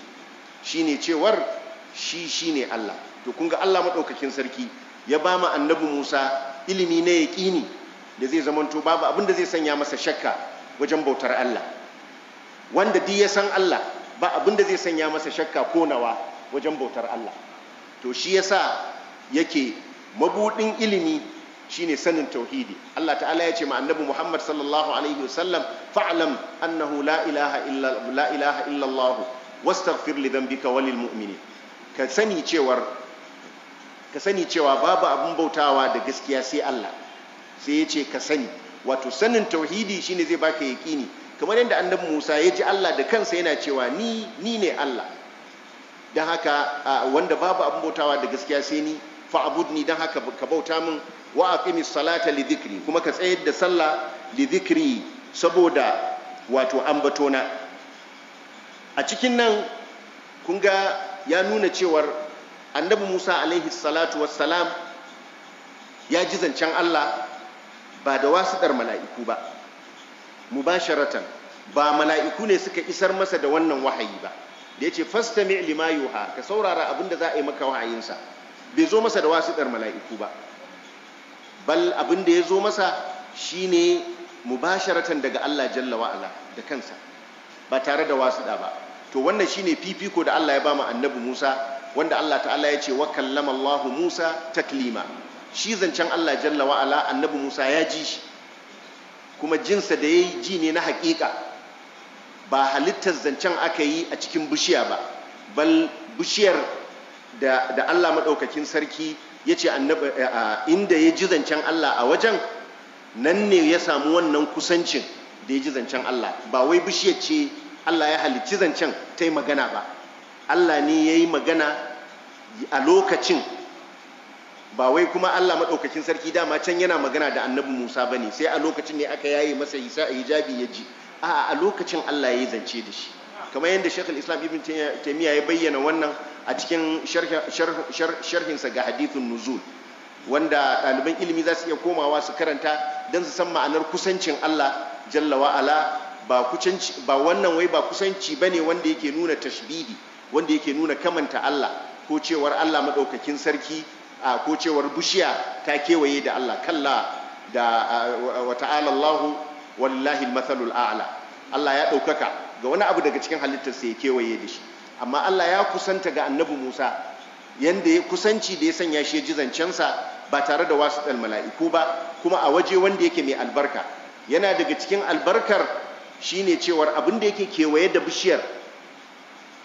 shine cewar shi shine Allah to kun ga Allah madaukakin sarki ya ba mu annabi Musa ilimi na yaƙini da zai zamanto babu abin da zai sanya masa shakka wajen bautar Allah wanda duk ya san Allah ba abin da zai sanya masa shakka ko nawa wajen bautar Allah to shi yasa yake mabudin ilimi shine sanin tauhidi Allah ta'ala ya ce ma annabi Muhammad sallallahu alaihi wasallam fa'lam annahu la ilaha illa la ilaha illa Allah wastaghfir li dhanbika mu'minin ka sani cewar ka sani cewa babu abin bautawa da gaskiya sai Allah sai ya ce ka sani wato sanin tauhidi shine zai baka yaƙini kamar yadda annabi Musa ya ji Allah da kansa yana cewa ni ni ne Allah Dan haka wanda babu abin bautawa da gaskiya sai ni fa'budni dan haka ka bauta min wa aqimi salata li dhikri kuma ka tsayar da sallah li dhikri saboda wato ambatona a cikin nan kun ga ya nuna cewar annabi musa alaihi salatu wassalam ya ji zancen allah ba da wasuɗar mala'iku ba mubasharatan ba mala'iku ne suka isar masa da wannan wahayi ba da ya ce fastami lima yuha ka saurara abin da za a yi maka wahayinsa bai zo masa da wasuɗar mala'iku ba bal abin da ya zo masa shine mubasharatan daga allah jalla wa'ala da kansa ba tare da wasuɗa ba to wannan shine fifiko da allah ya ba mu annabi musa wanda Allah ta'ala ya ce wa kallama Allah Musa taklima shi zancen Allah jalla Wa'ala annabi Musa ya ji shi kuma jinsa da yayi ji ne na haƙiƙa ba halittar zancen aka yi a cikin bishiya ba bal bishiyar da, Allah maɗaukakin sarki ya ce eh, inda ya ji zancen Allah a wajen nan ne ya samu wannan kusancin da ya ji zancen Allah ba wai bishiyar ce Allah ya halicci zancen ta yi magana ba Allah ne ya yi magana a lokacin ba wai kuma Allah maɗaukakin sarki dama can yana magana da annabi Musa ba ne sai a lokacin ne aka yaye masa isa a hijabi ya ji a a lokacin Allah ya yi zance da shi kamar yadda shekul Islam Ibn taimiyya ya bayyana wannan a cikin sharhinsa ga hadithun nuzul wanda ɗaliban ilimi za su iya komawa su karanta don su san ma'anar kusancin Allah jalla wa'ala ba wannan wai ba kusanci ba ne wanda yake nuna tashbihi wanda yake nuna kamanta Allah ko cewar Allah maɗaukakin sarki a ko cewar bushiya ta kewaye da Allah kalla da wa ta'ala Allahu wallahi al-mathalul a'la Allah ya ɗaukaka ga wani abu daga cikin halittarsa ya kewaye da shi amma Allah ya kusanta ga annabi Musa yanda ya kusanci da ya sanya shi ya ji zancensa ba tare da wasu mala'iku ba kuma a waje wanda yake mai albarka yana daga cikin albarkar shine cewar abin da yake kewaye da bishiyar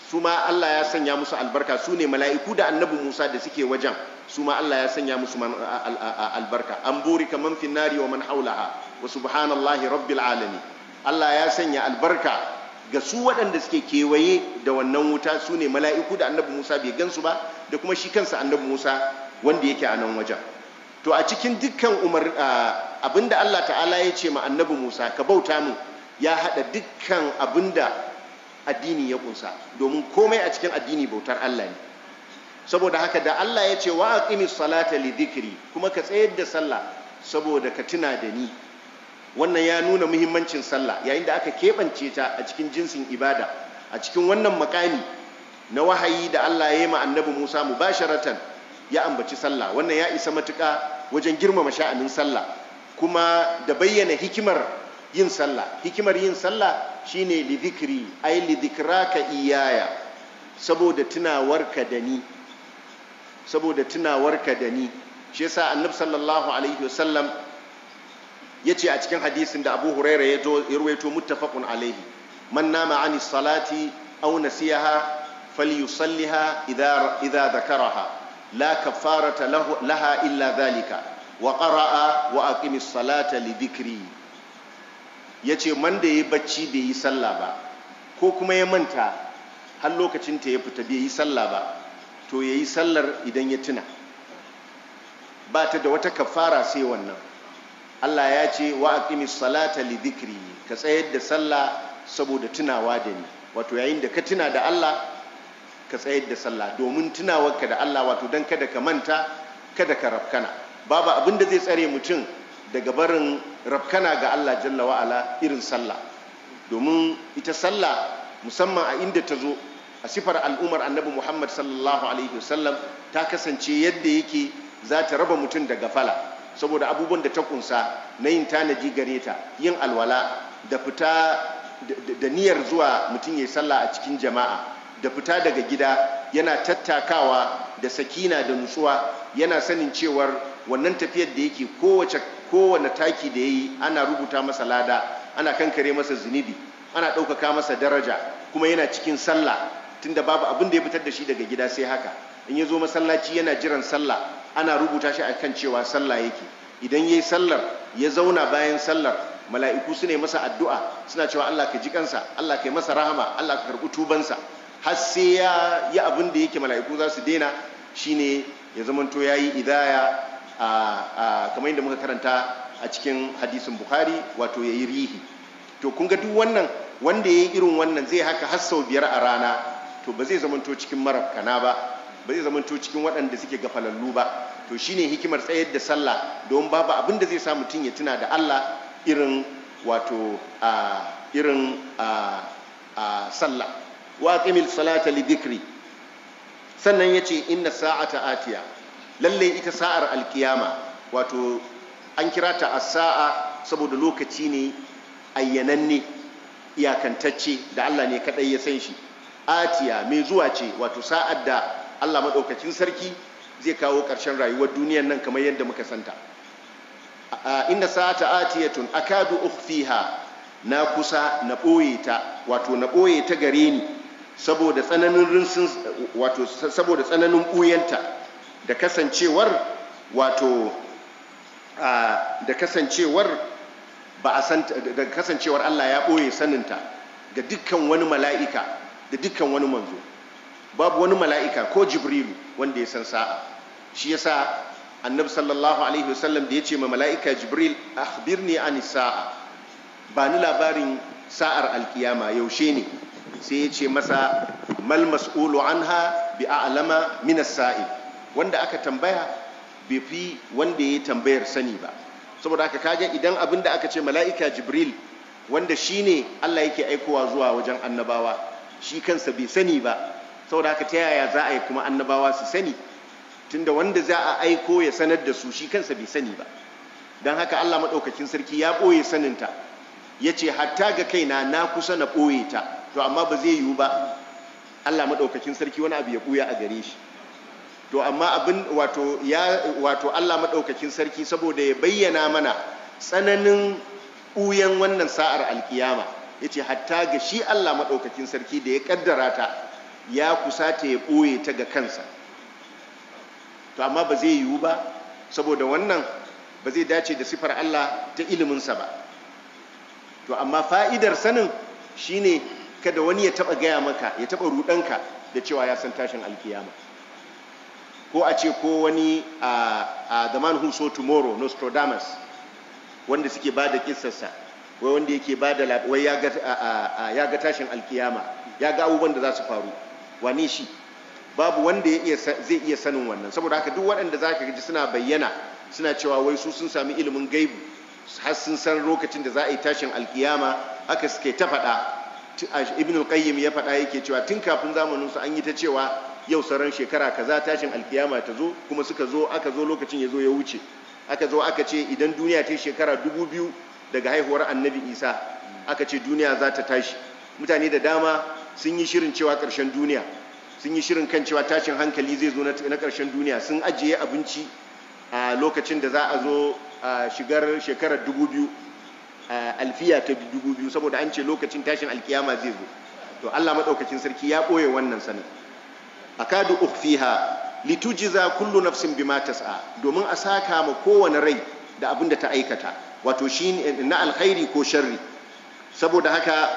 su ma Allah ya sanya musu albarka su ne mala'iku da annabi Musa da suke wajen su ma Allah ya sanya musu albarka an buri man fi nari wa man haulaha wa subhanallahi rabbil alamin Allah ya sanya albarka ga su waɗanda suke kewaye da wannan wuta su ne mala'iku da annabi Musa bai gansu ba da kuma shi kansa annabi Musa wanda yake a nan wajen to a cikin dukkan umar abinda Allah ta'ala ya ce ma annabi Musa ka bauta mu ya haɗa dukkan abinda addini ya kunsa domin komai a cikin addini bautar Allah ne saboda haka da Allah ya ce wa aqimi salata li dhikri kuma ka tsayar da sallah saboda ka tuna da ni wannan ya nuna muhimmancin sallah yayin da aka keɓance ta a cikin jinsin ibada a cikin wannan makami na wahayi da Allah ya yi ma annabi Musa mubasharatan ya ambaci sallah wannan ya isa matuƙa wajen girmama sha'anin sallah kuma da bayyana hikimar yin sallah hikimar yin sallah shine li dhikri ay li dhikraka iyaya saboda tunawarka da ni saboda tunawarka da ni shi yasa annabi sallallahu alaihi wasallam yace a cikin hadisin da Abu huraira ya ruwaito muttafaqun alaihi man nama ani salati aw nasiyaha falyusalliha idha idha dhakaraha la kafarata lahu laha illa dhalika wa qara'a wa aqimis salata li dhikri ya ce man da ya yi bacci bai yi sallah ba ko kuma ya manta har lokacin ta ya fita bai yi sallah ba to ya yi sallar idan ya tuna ba ta da wata kafara sai wannan Allah ya ce wa aqimis salata li dhikri ka tsayar da sallah saboda tunawa da ni wato yayin da ka tuna da Allah ka tsayar da sallah domin tunawarka da Allah wato dan kada ka manta kada ka rafkana babu abin da zai tsare mutum daga barin rafkana ga Allah jalla wa'ala irin sallah domin ita sallah musamman a inda ta zo a sifar al'umar annabi Muhammad sallallahu alaihi wasallam ta kasance yadda yake za ta raba mutum daga fala saboda abubuwan da ta kunsa na yin tanaji gare ta yin alwala da fita da niyyar zuwa mutum ya sallah a cikin jama'a da fita daga gida yana tattakawa da sakina da nutsuwa yana sanin cewar wannan tafiyar da yake kowace kowane taki da ya yi ana rubuta masa lada ana kankare masa zunubi ana ɗaukaka masa daraja kuma yana cikin sallah tunda babu abin da ya fitar da shi daga gida sai haka in ya zo masallaci yana jiran sallah ana rubuta shi a kan cewa sallah yake idan ya yi sallar ya zauna bayan sallar mala'iku su ne masa addu'a suna cewa Allah ka ji kansa Allah ka yi masa rahama Allah ka karɓi tubansa har sai ya yi abin da yake mala'iku za su daina shine ya zamanto ya yi idaya kamar yadda muka karanta a cikin hadisin bukhari wato ya yi rihi to kun ga duk wannan wanda ya yi irin wannan zai haka har sau biyar a rana to ba zai zamanto cikin marafkana ba ba zai zamanto cikin waɗanda suke gafalallu ba to shine hikimar tsayar da sallah don babu abin da zai sa mutum ya tuna da allah irin wato a irin a sallah wa salata li dhikri sannan yace inna sa'ata atiya lalle ita sa'ar alkiyama wato an kira ta a saa saboda lokaci ne ayyananne iyakantacce da Allah ne kadai ya san shi atiya mai zuwa ce wato sa'ar da Allah maɗaukacin sarki zai kawo ƙarshen rayuwar duniyar nan kamar yadda muka santa inda sa'ata atiyatun akadu ukhfiha na kusa na ɓoye ta wato na ɓoye ta gare ni saboda tsananin rinsin wato saboda tsananin ɓuyanta da kasancewar wato da kasancewar ba a san da kasancewar Allah ya ɓoye saninta ga dukkan wani mala'ika da dukkan wani manzo babu wani mala'ika ko jibrilu wanda ya san sa'a shi yasa annabi sallallahu alaihi wasallam da ya ce ma mala'ika jibril akhbirni an sa'a ba ni labarin sa'ar alkiyama yaushe ne sai ya ce masa mal mas'ulu anha bi a'lama min as-sa'il wanda aka tambaya bai fi wanda ya tambayar sani ba saboda haka kaga idan abin da aka ce mala'ika jibril wanda shine Allah yake aikowa zuwa wajen annabawa shi kansa bai sani ba saboda haka ta yaya za a yi kuma annabawa su sani tunda wanda za a aiko ya sanar da su shi kansa bai sani ba don haka Allah maɗaukakin sarki ya ɓoye saninta ya ce hatta ga kaina na kusa na ɓoye ta to amma ba zai yiwu ba Allah maɗaukakin sarki wani abu ya ɓuya a gare shi to amma abin wato ya wato Allah maɗaukakin sarki saboda ya bayyana mana tsananin uyan wannan sa'ar alkiyama yace hatta ga shi Allah maɗaukakin sarki da ya kaddara ta ya ta ya ɓoye ta ga kansa to amma ba zai yiwu ba saboda wannan ba zai dace da sifar Allah ta iliminsa ba to amma fa'idar sanin shine kada wani ya taba gaya maka ya taɓa rudanka da cewa ya san tashin alkiyama ko a ce ko wani a the man who saw tomorrow nostradamus wanda suke ba da kisarsa wai wanda yake ba da wai ya ga tashin alkiyama ya ga abubuwan da za su faru wane shi babu wanda zai iya sanin wannan saboda haka duk waɗanda za ka ji suna bayyana suna cewa wai su sun sami ilimin gaibu har sun san lokacin da za a yi tashin alkiyama haka suke ta faɗa ibn qayyim ya faɗa yake cewa tun kafin zamaninsu an yi ta cewa yau sauran shekara kaza tashin alkiyama ta zo kuma suka zo aka zo lokacin ya zo ya wuce aka zo aka ce idan duniya ta shekara dubu biyu daga haihuwar annabi isa aka ce duniya za ta tashi mutane da dama sun yi shirin cewa ƙarshen duniya sun yi shirin kan cewa tashin hankali zai zo na karshen duniya sun ajiye abinci a lokacin da za a zo a shigar shekarar dubu biyu alfiya ta dubu biyu saboda an ce lokacin tashin alkiyama zai zo to allah maɗaukakin sarki ya ɓoye wannan sanin akadu ukhfiha litujza kullu nafsin bima tas'a domin a saka ma kowane rai da abin da ta aikata wato shine na alkhairi ko sharri saboda haka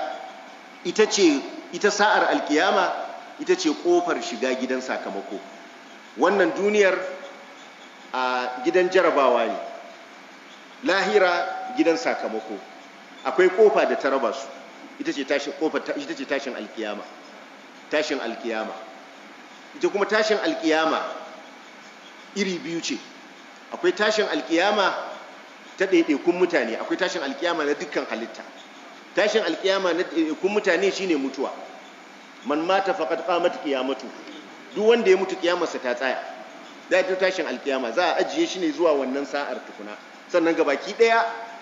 ita ce ita sa'ar alkiyama ita ce kofar shiga gidan sakamako wannan duniyar a gidan jarabawa ne lahira gidan sakamako akwai kofa da ta raba su ita ce tashin alkiyama tashin alkiyama ita kuma tashin alkiyama iri biyu ce akwai tashin alkiyama ta ɗaiɗaikun mutane akwai tashin alkiyama na dukkan halitta tashin alkiyama na ɗaiɗaikun mutane shine mutuwa man mata faqad qamat qiyamatu duk wanda ya mutu kiyamarsa ta tsaya za ta tashin alkiyama za a ajiye shi ne zuwa wannan sa'ar tukuna sannan gabaki ɗaya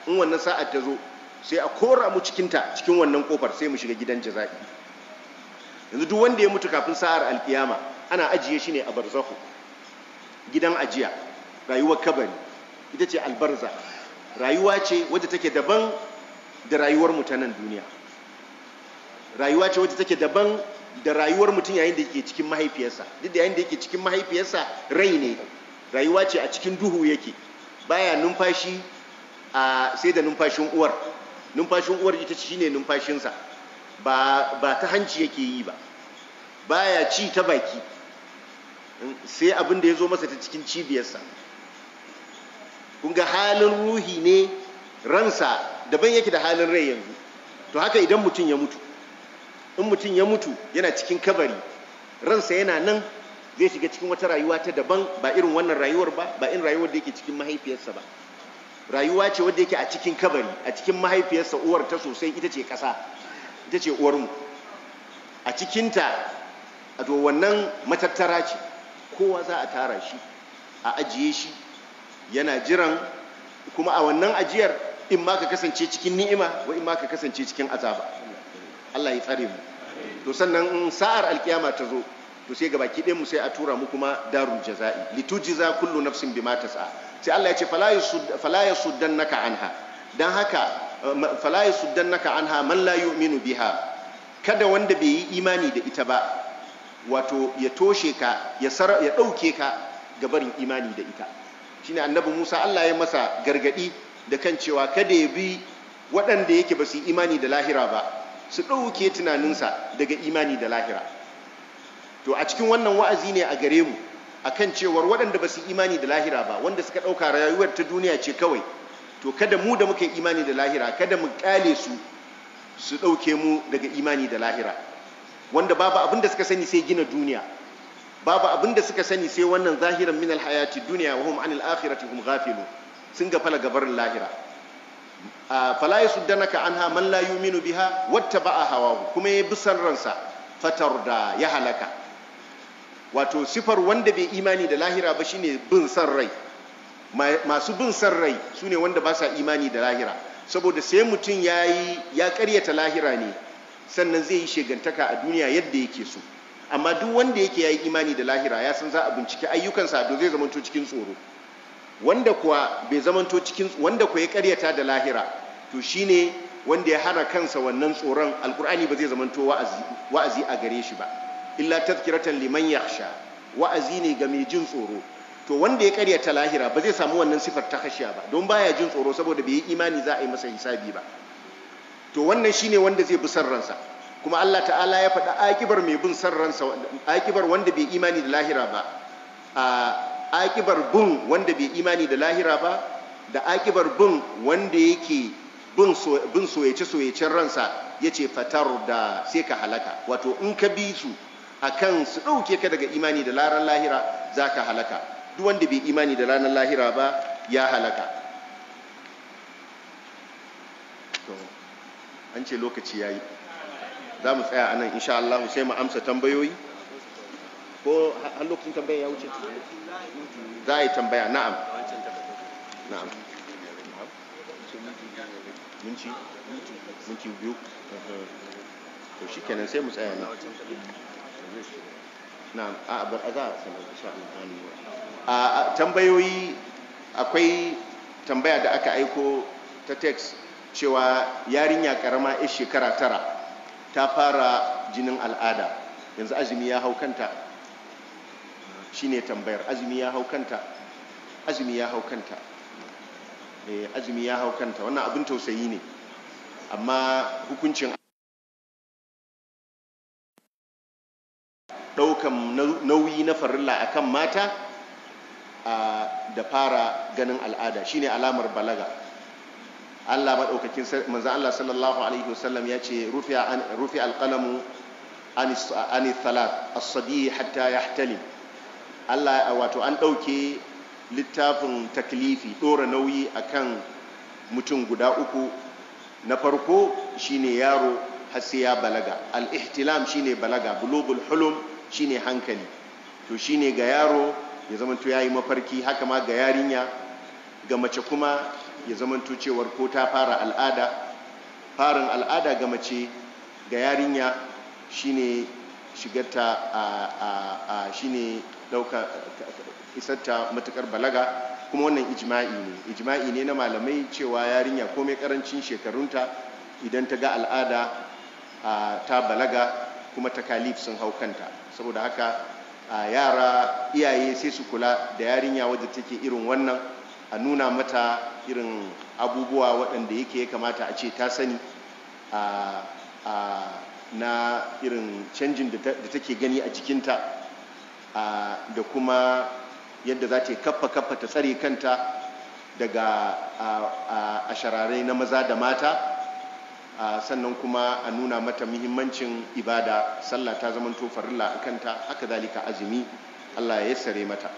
in wannan sa'ar ta zo sai a kora mu cikinta cikin wannan kofar sai mu shiga gidan jaza'i yanzu duk wanda ya mutu kafin sa'ar alkiyama ana ajiye shi ne a barzahu gidan ajiya rayuwar kabari ita ce albarza rayuwa ce wadda take daban da rayuwar mutanen duniya rayuwa ce wadda take daban da rayuwar mutum yayin da yake cikin mahaifiyarsa duk da yayin da yake cikin mahaifiyarsa rai ne rayuwa ce a cikin duhu yake baya numfashi a sai da numfashin uwar numfashin uwar ita ce shine numfashinsa ba ba ta hanci yake yi ba baya ci ta baki sai abin da ya zo masa ta cikin cibiyarsa kunga halin ruhi ne ransa daban yake da halin rai yanzu to haka idan mutum ya mutu in mutum ya mutu yana cikin kabari ransa yana nan zai shiga cikin wata rayuwa ta daban ba irin wannan rayuwar ba ba in rayuwar da yake cikin mahaifiyarsa ba rayuwa ce wadda yake a cikin kabari a cikin mahaifiyarsa uwar ta sosai ita ce ƙasa ita ce uwarmu a cikinta a to wannan matattara ce kowa za a tara shi a ajiye shi yana jiran kuma a wannan ajiyar in ma ka kasance cikin ni'ima wa in ma ka kasance cikin azaba Allah ya tsare mu to sannan in sa'ar alkiyama ta zo to sai ga baki ɗayan mu sai a tura mu kuma darul jaza'i litujza kullu nafsin bima tas'a sai Allah ya ce fala yasud fala yasuddannaka anha dan haka eh, fala yasuddannaka anha man la yu'minu biha kada wanda bai yi imani da ita ba wato ya toshe ka ya ya ɗauke ka ga barin imani da ita shine annabi musa allah ya masa gargadi da kan cewa kada ya bi waɗanda yake ba su imani da lahira ba su ɗauke tunaninsa daga imani da lahira to a cikin wannan wa'azi ne a gare mu akan cewar waɗanda ba su imani da lahira ba wanda suka ɗauka rayuwar ta duniya ce kawai to kada mu da muka imani da lahira kada mu kale su su ɗauke mu daga imani da lahira wanda babu abin da suka sani sai gina duniya babu abin da suka sani sai wannan zahiran minal hayati duniya wa hum anil akhirati hum ghafilu sun fala gabarin lahira fala yasuddanaka anha man la yu'minu biha wattaba'a hawahu kuma ya bi san ransa fatarda ya halaka wato sifar wanda bai imani da lahira ba shine bin san rai masu bin san rai sune wanda ba sa imani da lahira saboda sai mutum ya karyata lahira ne sannan zai yi shegantaka a duniya yadda yake so amma duk wanda yake ya yi imani da lahira ya san za a bincike ayyukansa don zai zamanto cikin tsoro wanda kuwa bai zamanto cikin wanda kuwa ya karyata da lahira to shine wanda ya hana kansa wannan tsoron alkur'ani ba zai zamanto wa'azi a gare shi ba illa tazkiratan liman yakhsha wa'azi ne ga mai jin tsoro to wanda ya karyata lahira ba zai samu wannan sifar ta khashiya ba don baya jin tsoro saboda bai yi imani za a yi masa hisabi ba to wannan shine wanda zai bi san ransa kuma Allah ta'ala ya faɗa akibar mai bin san ransa akibar wanda bai imani da lahira ba a akibar bin wanda bai imani da lahira ba da akibar bin wanda yake bin soyace-soyacen ransa ya ce fatar da sai ka halaka wato in ka bi su a kan su ɗauke ka daga imani da laran lahira za ka halaka duk wanda bai imani da ranar lahira ba ya halaka an ce lokaci yayi za mu tsaya anan insha Allah sai mu amsa tambayoyi ko har lokacin tambaya ya wuce za a yi tambaya na'am na'am minci minci biyu to shi kenan sai mu tsaya na na'am a abar a za a sanar insha ba. a tambayoyi akwai tambaya da aka aiko ta text cewa yarinya karama ya shekara tara ta fara jinin al'ada yanzu azumi ya hau kanta ne tambayar azumi ya hau kanta azumi ya hau kanta eh, azumi ya hau kanta wannan abin tausayi ne amma hukuncin ɗaukan nauyi na farilla akan mata da fara ganin al'ada shi ne alamar balaga Allah maɗaukakin manzo Allah sallallahu alaihi wasallam ya ce rufi an rufi alqalamu an salat as-sadi hatta yahtalim Allah wato an dauke littafin taklifi ɗora nauyi akan mutum guda uku na farko shine yaro har ya balaga al-ihtilam shine balaga bulugul hulum shine hankali to shine ga yaro ya zama to yayi mafarki haka ma ga yarinya ga mace kuma ya zamanto cewar ko ta fara al'ada farin al'ada ga mace ga yarinya shine shigarta a shine dauka isarta matukar balaga kuma wannan ijima'i ne ijma'i ne na malamai cewa yarinya komai karancin shekarunta idan ta ga al'ada ta balaga kuma ta kalif sun hau kanta saboda haka yara iyaye sai su kula da yarinya wadda take irin wannan a nuna mata irin abubuwa waɗanda yake ya kamata a ce ta sani na irin canjin da take gani a jikinta da kuma yadda za ta yi kaffa-kaffa ta tsare kanta daga a shararai na maza da mata sannan kuma a nuna mata muhimmancin ibada sallah ta zama farilla a kanta haka zalika azumi allah ya sare mata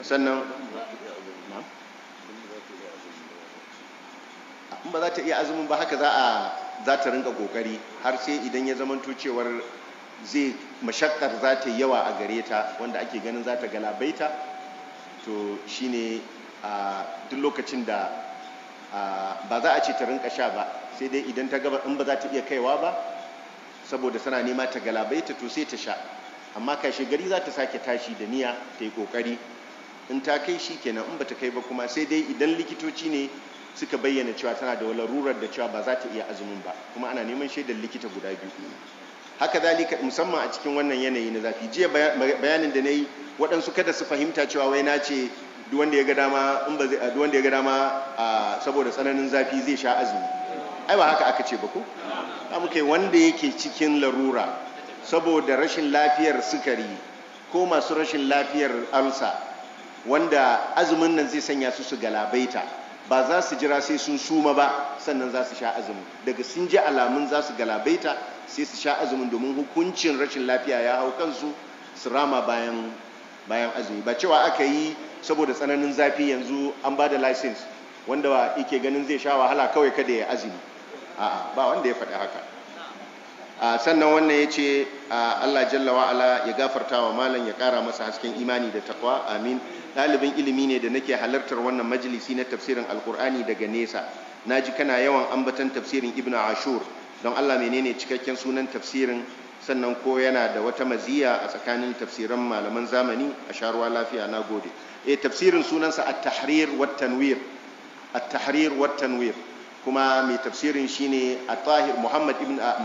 sannan in ba za ta iya azumin ba haka za a za ta ringa kokari har sai idan ya zama cewar zai mashakkar za ta yawa a gare ta wanda ake ganin za ta galabaita to shine a duk lokacin da ba za a ce ta rinka sha ba sai dai idan ta gaba in ba za ta iya kaiwa ba saboda tana nema ta galabaita to sai ta sha amma kashe gari za ta sake tashi da niya ta yi kokari in ta kai shi kenan in ba ta kai ba kuma sai dai idan likitoci ne suka bayyana cewa tana da larurar da cewa ba za ta iya azumin ba kuma ana neman shaidar likita guda biyu haka zalika musamman a cikin wannan yanayi na zafi jiya bayanin da na yi waɗansu kada su fahimta cewa wai na ce duwanda wanda ya ga dama a saboda tsananin zafi zai sha azumi ai ba haka aka ce ba ko za mu kai wanda yake cikin larura saboda rashin lafiyar sukari ko masu rashin lafiyar alsa wanda azumin nan zai sanya su su galabaita ba za su jira sai sun suma ba sannan za su sha azumin daga sun ji alamun za su galabaita sai su sha azumin domin hukuncin rashin lafiya ya hau kansu su rama bayan azumi ba cewa aka yi saboda tsananin zafi yanzu an ba da license wanda yake ganin zai sha wahala kawai kada ya azumi a'a ba wanda ya faɗi haka sannan wannan ya ce Allah jalla wa'ala ya gafarta wa malam ya kara masa hasken imani da takwa amin ɗalibin ilimi ne da nake halartar wannan majalisi na tafsirin alkur'ani daga nesa na ji kana yawan ambatan tafsirin ibn ashur don Allah menene cikakken sunan tafsirin sannan ko yana da wata maziya a tsakanin tafsiran malaman zamani a sharuwa lafiya na gode eh tafsirin sunansa at-tahrir wat tanwir at-tahrir kuma mai tafsirin shine at-tahir muhammad ibn ah,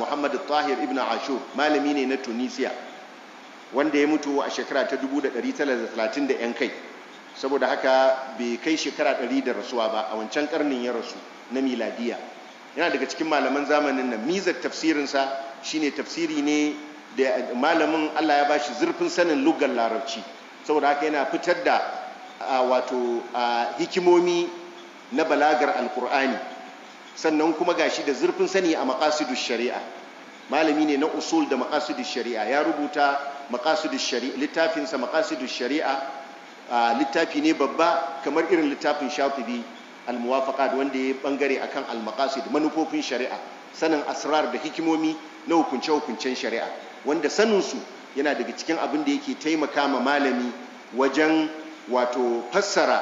tahir ibn ashur malami ne na tunisia wanda ya mutu a shekara ta 1930 da yan kai saboda haka bai kai shekara 100 da rasuwa ba a wancan karnin ya rasu na miladiya yana daga cikin malaman zamanin nan mizar tafsirinsa shine tafsiri ne da malamin Allah ya ba shi zurfin sanin lugar larabci saboda haka yana fitar da ah, wato ah, hikimomi na balagar alkur'ani sannan kuma gashi da zurfin sani a maqasidush shari'a malami ne na usul da maqasidush shari'a ya rubuta maqasidush shari'a littafinsa maqasidush shari'a littafi ne babba kamar irin littafin al almuwafaqat wanda ya bangare akan almaqasid manufofin shari'a sanin asrar da hikimomi na hukunce hukuncen shari'a wanda sanin su yana daga cikin abin da yake taimaka ma malami wajen wato fassara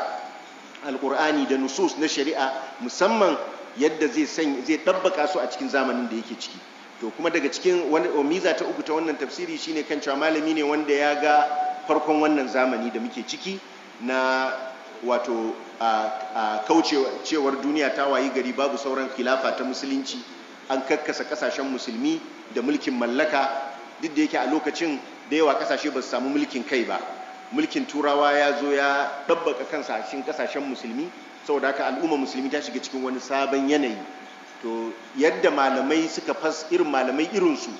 alkur'ani da nusus na shari'a musamman yadda zai san zai dabbaka su a cikin zamanin da yake ciki to kuma daga cikin wani miza ta uku ta wannan tafsiri shine kan cewa malami ne wanda ya ga farkon wannan zamani da muke ciki na wato a kaucewar duniya ta wayi gari babu sauran khilafa ta musulunci an kakkasa kasashen musulmi da mulkin mallaka duk da yake a lokacin da yawa kasashe ba su samu mulkin kai ba mulkin turawa ya zo ya ɗabbaka kansa a cikin kasashen musulmi saboda haka al'umma musulmi ta shiga cikin wani sabon yanayi to yadda malamai suka fas irin malamai irinsu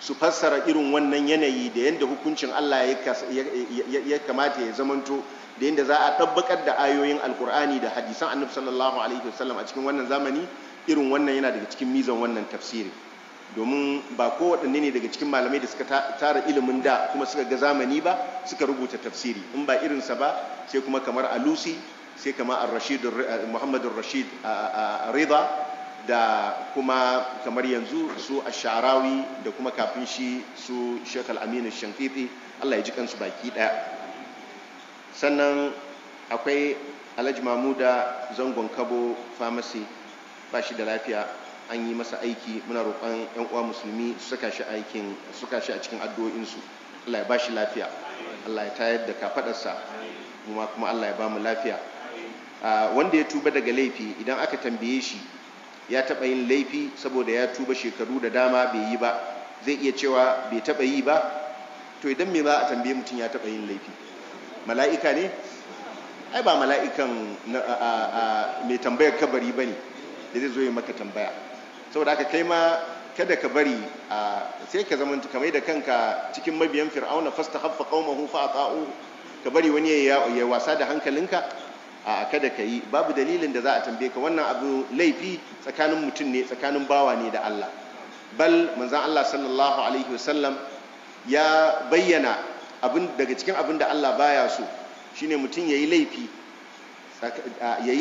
su fassara irin wannan yanayi da yadda hukuncin Allah ya kamata ya zamanto da yadda za a ɗabbaƙar da ayoyin alkur'ani da hadisan annabi sallallahu alaihi wasallam a cikin wannan zamani irin wannan yana daga cikin mizan wannan tafsiri domin ba ko waɗanne ne daga cikin malamai da suka tara ilimin da kuma suka ga zamani ba suka rubuta tafsiri in ba irinsa ba sai kuma kamar alusi sai kama a rashid eh, muhammadun rashid eh, eh, rida da kuma kamar yanzu su a asharawi da kuma kafin shi su shekh al-amin Allah ya ji kansu baki daya sannan akwai alhaji mamuda zangon kabo pharmacy ba shi da lafiya an yi masa aiki muna roƙon 'yan uwa musulmi su saka shi aikin su shi a cikin addu'o'insu Allah ya ba shi lafiya Allah ya tayar da kafadarsa kuma kuma Allah ya ba mu lafiya wanda ya tuba daga laifi idan aka tambaye shi ya taɓa yin laifi saboda ya tuba shekaru da dama bai yi ba zai iya cewa bai taɓa yi ba to idan me ba a tambaye mutum ya taɓa yin laifi mala'ika ne ai ba mala'ikan mai tambayar kabari ba ne da zai zo yi maka tambaya saboda aka kai ma kada ka bari sai ka zama kamar da kanka cikin mabiyan fir'auna fasta haffa qaumahu fa ata'u ka bari wani ya wasa da hankalinka a kada ka yi babu dalilin da za a tambaye ka wannan abu laifi tsakanin mutum ne tsakanin bawa ne da Allah bal manzan Allah sallallahu alaihi wasallam ya bayyana abin daga cikin abin da Allah baya so shine mutum yayi laifi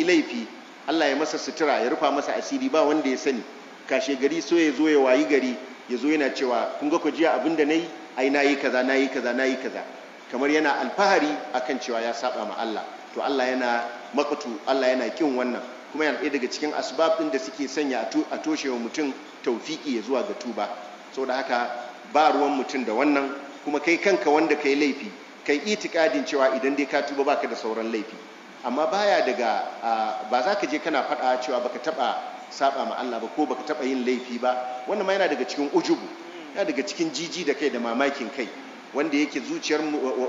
laifi Allah ya masa sutura ya rufa masa asiri ba wanda ya sani kashe gari so ya zo ya wayi gari ya zo yana cewa kun ga ku jiya abin da nayi ai nayi kaza nayi kaza nayi kaza kamar yana alfahari akan cewa ya saba ma Allah to Allah yana makatu Allah yana kin wannan kuma yana ɗaya daga cikin asbab ɗin da suke sanya a toshe wa mutum taufiki ya zuwa ga tuba saboda haka ba ruwan mutum da wannan kuma kai kanka wanda kai laifi kai itikadin cewa idan dai ka tuba baka da sauran laifi amma baya daga ba za ka je kana faɗa cewa baka taɓa saba ma Allah ba ko baka taɓa yin laifi ba wannan ma yana daga cikin ujubu yana daga cikin jiji da kai da mamakin kai wanda yake zuciyar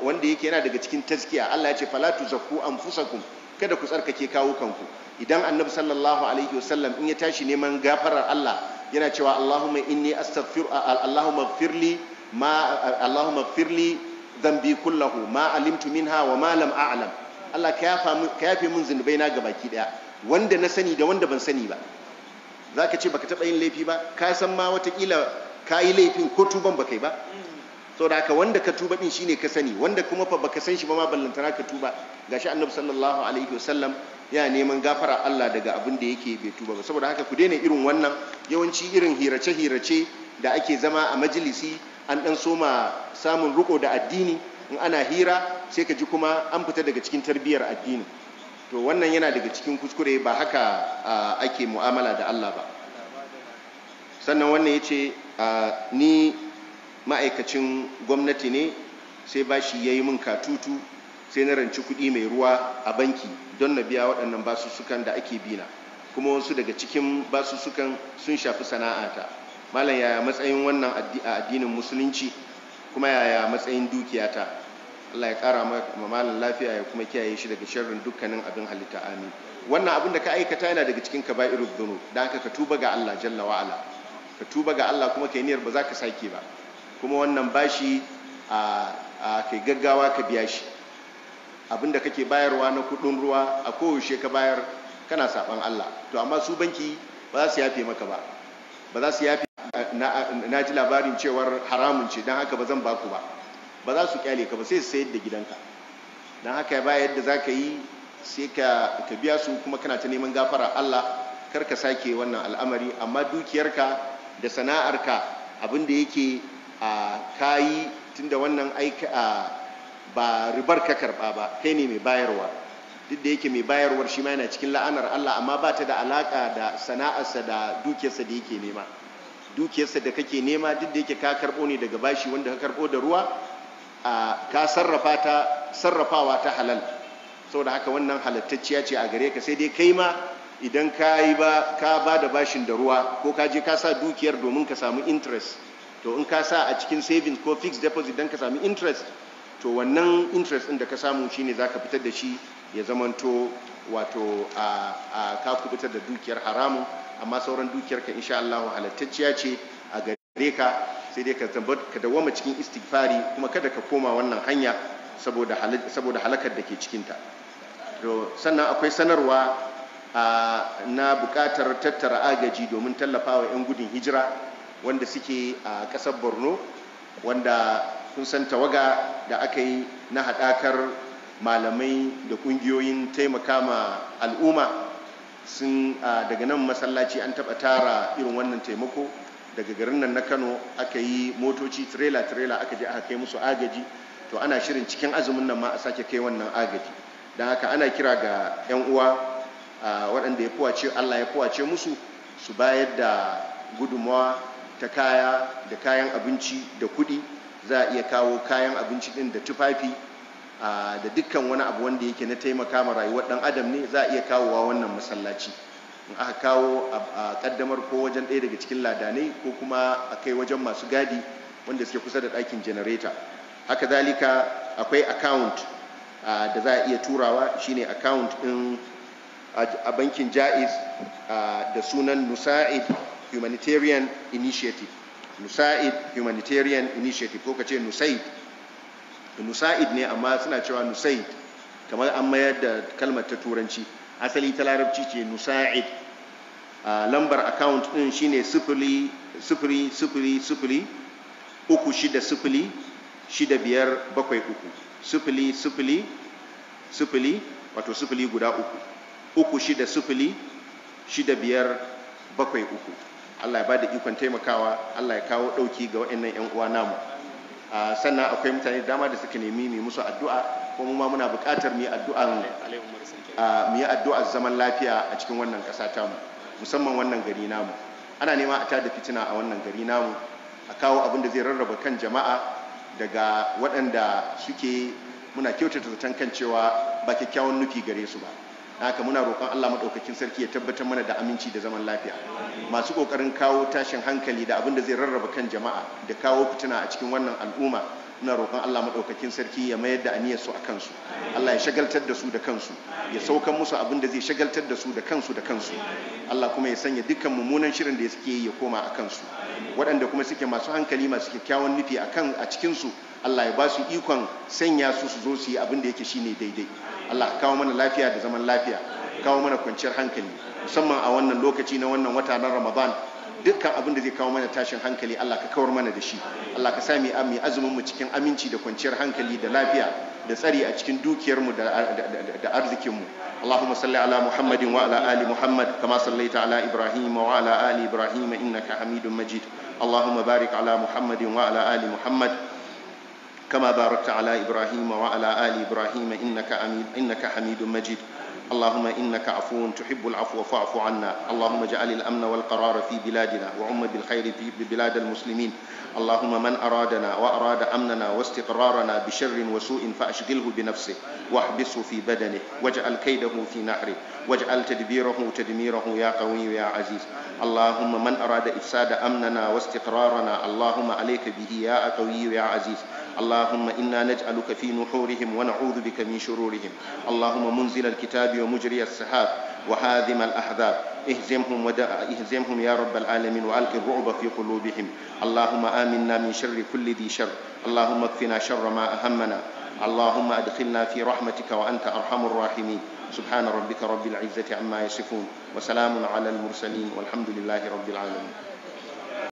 wanda yake yana daga cikin taskiya, Allah ya ce fala tuzakku anfusakum kada ku tsarkake kawo kanku idan annabi sallallahu alaihi wasallam in ya tashi neman gafarar Allah yana cewa Allahumma inni astaghfir Allahumma firli ma Allahumma dhanbi kullahu ma alimtu minha wa ma lam a'lam Allah ka yafe min zunubai na ga baki daya wanda na sani da wanda ban sani ba zaka ce baka taba yin laifi ba ka san ma watakila ka yi laifin ko tuban ba kai ba saboda haka wanda ka tuba din shine ka sani wanda kuma fa baka san shi ba ma ballantana ka tuba gashi annabi sallallahu alaihi wasallam yana neman gafara Allah daga abin da yake bai tuba ba saboda haka ku daina irin wannan yawanci irin hirace hirace da ake zama a majalisi an dan soma samun riko da addini in ana hira sai ka ji kuma an fita daga cikin tarbiyar addini to wannan yana daga cikin kuskure ba haka ake mu'amala da Allah ba sannan wannan yace ce ni ma'aikacin gwamnati ne sai bashi ya yi min katutu sai na ranci kuɗi mai ruwa a banki don na biya waɗannan basussukan da ake bina kuma wasu daga cikin basussukan sun shafi sana'ata malam yaya matsayin wannan addinin musulunci kuma yaya matsayin dukiyata Allah ya ƙara ma malam lafiya ya kuma kiyaye shi daga sharrin dukkanin abin halitta amin wannan abin da ka aikata yana daga cikin kaba'iru dhunub dan haka ka tuba ga Allah jalla wa ala ka tuba ga Allah kuma kai niyyar ba za ka sake ba kuma wannan bashi a kai gaggawa ka biya shi abinda kake bayarwa na kudin ruwa a koyaushe ka bayar kana saban Allah to amma su banki ba za su yafe maka ba ba za su yafe na ji labarin cewar haramun ce don haka ba zan baku ba ba za su kyale ka ba sai su sayar da gidanka don haka ba yadda za ka yi sai ka biya su kuma kana ta neman gafara Allah kar ka sake wannan al'amari amma dukiyarka da sana'arka abin da yake a kayi tunda wannan aika ba ribar ka karba ba kai ne mai bayarwa duk da yake mai bayarwar shi ma yana cikin la'anar Allah amma ba ta da alaka da sana'arsa da dukiyarsa da yake nema dukiyarsa da kake nema duk da yake ka karbo ne daga bashi wanda ka karbo da ruwa ka sarrafa ta sarrafawa ta halal saboda haka wannan halattacciya ce a gare ka sai dai kai ma idan ka yi ba ka ba da bashin da ruwa ko ka je ka sa dukiyar domin ka samu interest to in ka sa a cikin savings ko fixed deposit don ka sami interest to wannan interest ɗin da ka samu shi ne za ka fitar da shi ya zamanto wato a ka kubutar da dukiyar haramun amma sauran dukiyar ka insha Allah halattacciya ce a gare ka sai dai ka ka dawoma cikin istighfari kuma kada ka koma wannan hanya saboda halakar da ke cikin ta to sannan akwai sanarwa na bukatar tattara agaji domin tallafawa 'yan gudun hijira wanda suke a ƙasar borno wanda kun san tawaga da aka yi na haɗakar malamai da ƙungiyoyin taimaka ma al'umma sun daga nan masallaci an taɓa tara irin wannan taimako daga garin nan na kano aka yi motoci tirela-tirela aka je aka kai musu agaji to ana shirin cikin azumin nan ma a sake kai wannan agaji don haka ana kira ga 'yan uwa waɗanda ya fuwace allah ya fuwace musu su bayar da gudunmawa ta kaya da kayan abinci da kuɗi za a iya kawo kayan abinci ɗin da tufafi da dukkan wani abu wanda yake na taimaka ma rayuwar ɗan adam ne za a iya kawowa wannan masallaci in aka kawo a ƙaddamar ko wajen ɗaya daga cikin ladanai ko kuma a kai wajen masu gadi wanda suke kusa da ɗakin janareta haka zalika akwai akawunt da za a iya turawa shine akawunt ɗin a bankin ja'iz da sunan nusa'id humanitarian initiative nusaid humanitarian initiative ko kace nusaid nusaid ne amma suna cewa nusaid kamar an mayar da kalmar ta turanci asali ta larabci ce nusaid lambar account din shine 0000 uku shida sufili shida biyar bakwai uku sufili sufili sufili wato sufili guda uku uku shida sufili shida biyar bakwai uku Allah ya ba da ikon taimakawa Allah ya kawo ɗauki ga waɗannan 'yan uwa namu sannan akwai mutane dama da suka nemi mu musu addu'a kuma ma muna buƙatar mu yi addu'an mu yi addu'a zaman lafiya a cikin wannan ƙasa tamu musamman wannan gari namu ana nema a tada fitina a wannan gari namu a kawo abin da zai rarraba kan jama'a daga waɗanda suke muna kyautata zaton kan cewa ba kyakkyawan nufi gare su ba haka muna roƙon Allah maɗaukakin sarki ya tabbatar mana da aminci da zaman lafiya masu ƙoƙarin kawo tashin hankali da abin da zai rarraba kan jama'a da kawo fitina a cikin wannan al'umma Ina roƙon Allah maɗaukakin sarki ya mayar da aniyar su a kansu Allah ya shagaltar da su da kansu ya saukan musu abin da zai shagaltar da su da kansu da kansu Allah kuma ya sanya dukkan mummunan shirin da suke yi ya koma a kansu waɗanda kuma suke masu hankali masu kyakkyawan nufi a kan a cikin su Allah ya ba su ikon sanya su su zo su yi abin da yake shine daidai Allah kawo mana lafiya da zaman lafiya kawo mana kwanciyar hankali musamman a wannan lokaci na wannan wata na Ramadan dukkan abin da zai kawo mana tashin hankali Allah ka kawar mana da shi Allah ka sami mu azumin mu cikin aminci da kwanciyar hankali da lafiya da tsari a cikin dukiyar mu da arzikin mu Allahumma salli ala Muhammadin wa ala ali Muhammad kama sallaita ala Ibrahim wa ala ali Ibrahim innaka Hamidum Majid Allahumma barik ala Muhammadin wa ala ali Muhammad كما باركت على إبراهيم وعلى آل إبراهيم إنك, أميد إنك حميد مجيد اللهم إنك عفو تحب العفو فاعف عنا اللهم اجعل الأمن والقرار في بلادنا وعم بالخير في بلاد المسلمين اللهم من أرادنا وأراد أمننا واستقرارنا بشر وسوء فأشغله بنفسه واحبسه في بدنه واجعل كيده في نحره واجعل تدبيره تدميره يا قوي يا عزيز اللهم من أراد إفساد أمننا واستقرارنا اللهم عليك به يا قوي يا عزيز اللهم إنا نجعلك في نحورهم ونعوذ بك من شرورهم اللهم منزل الكتاب ومجري السحاب وهادم الأحزاب اهزمهم ودع اهزمهم يا رب العالمين والق الرعب في قلوبهم اللهم آمنا من شر كل ذي شر اللهم اكفنا شر ما أهمنا اللهم أدخلنا في رحمتك وأنت أرحم الراحمين سبحان ربك رب العزة عما يصفون وسلام على المرسلين والحمد لله رب العالمين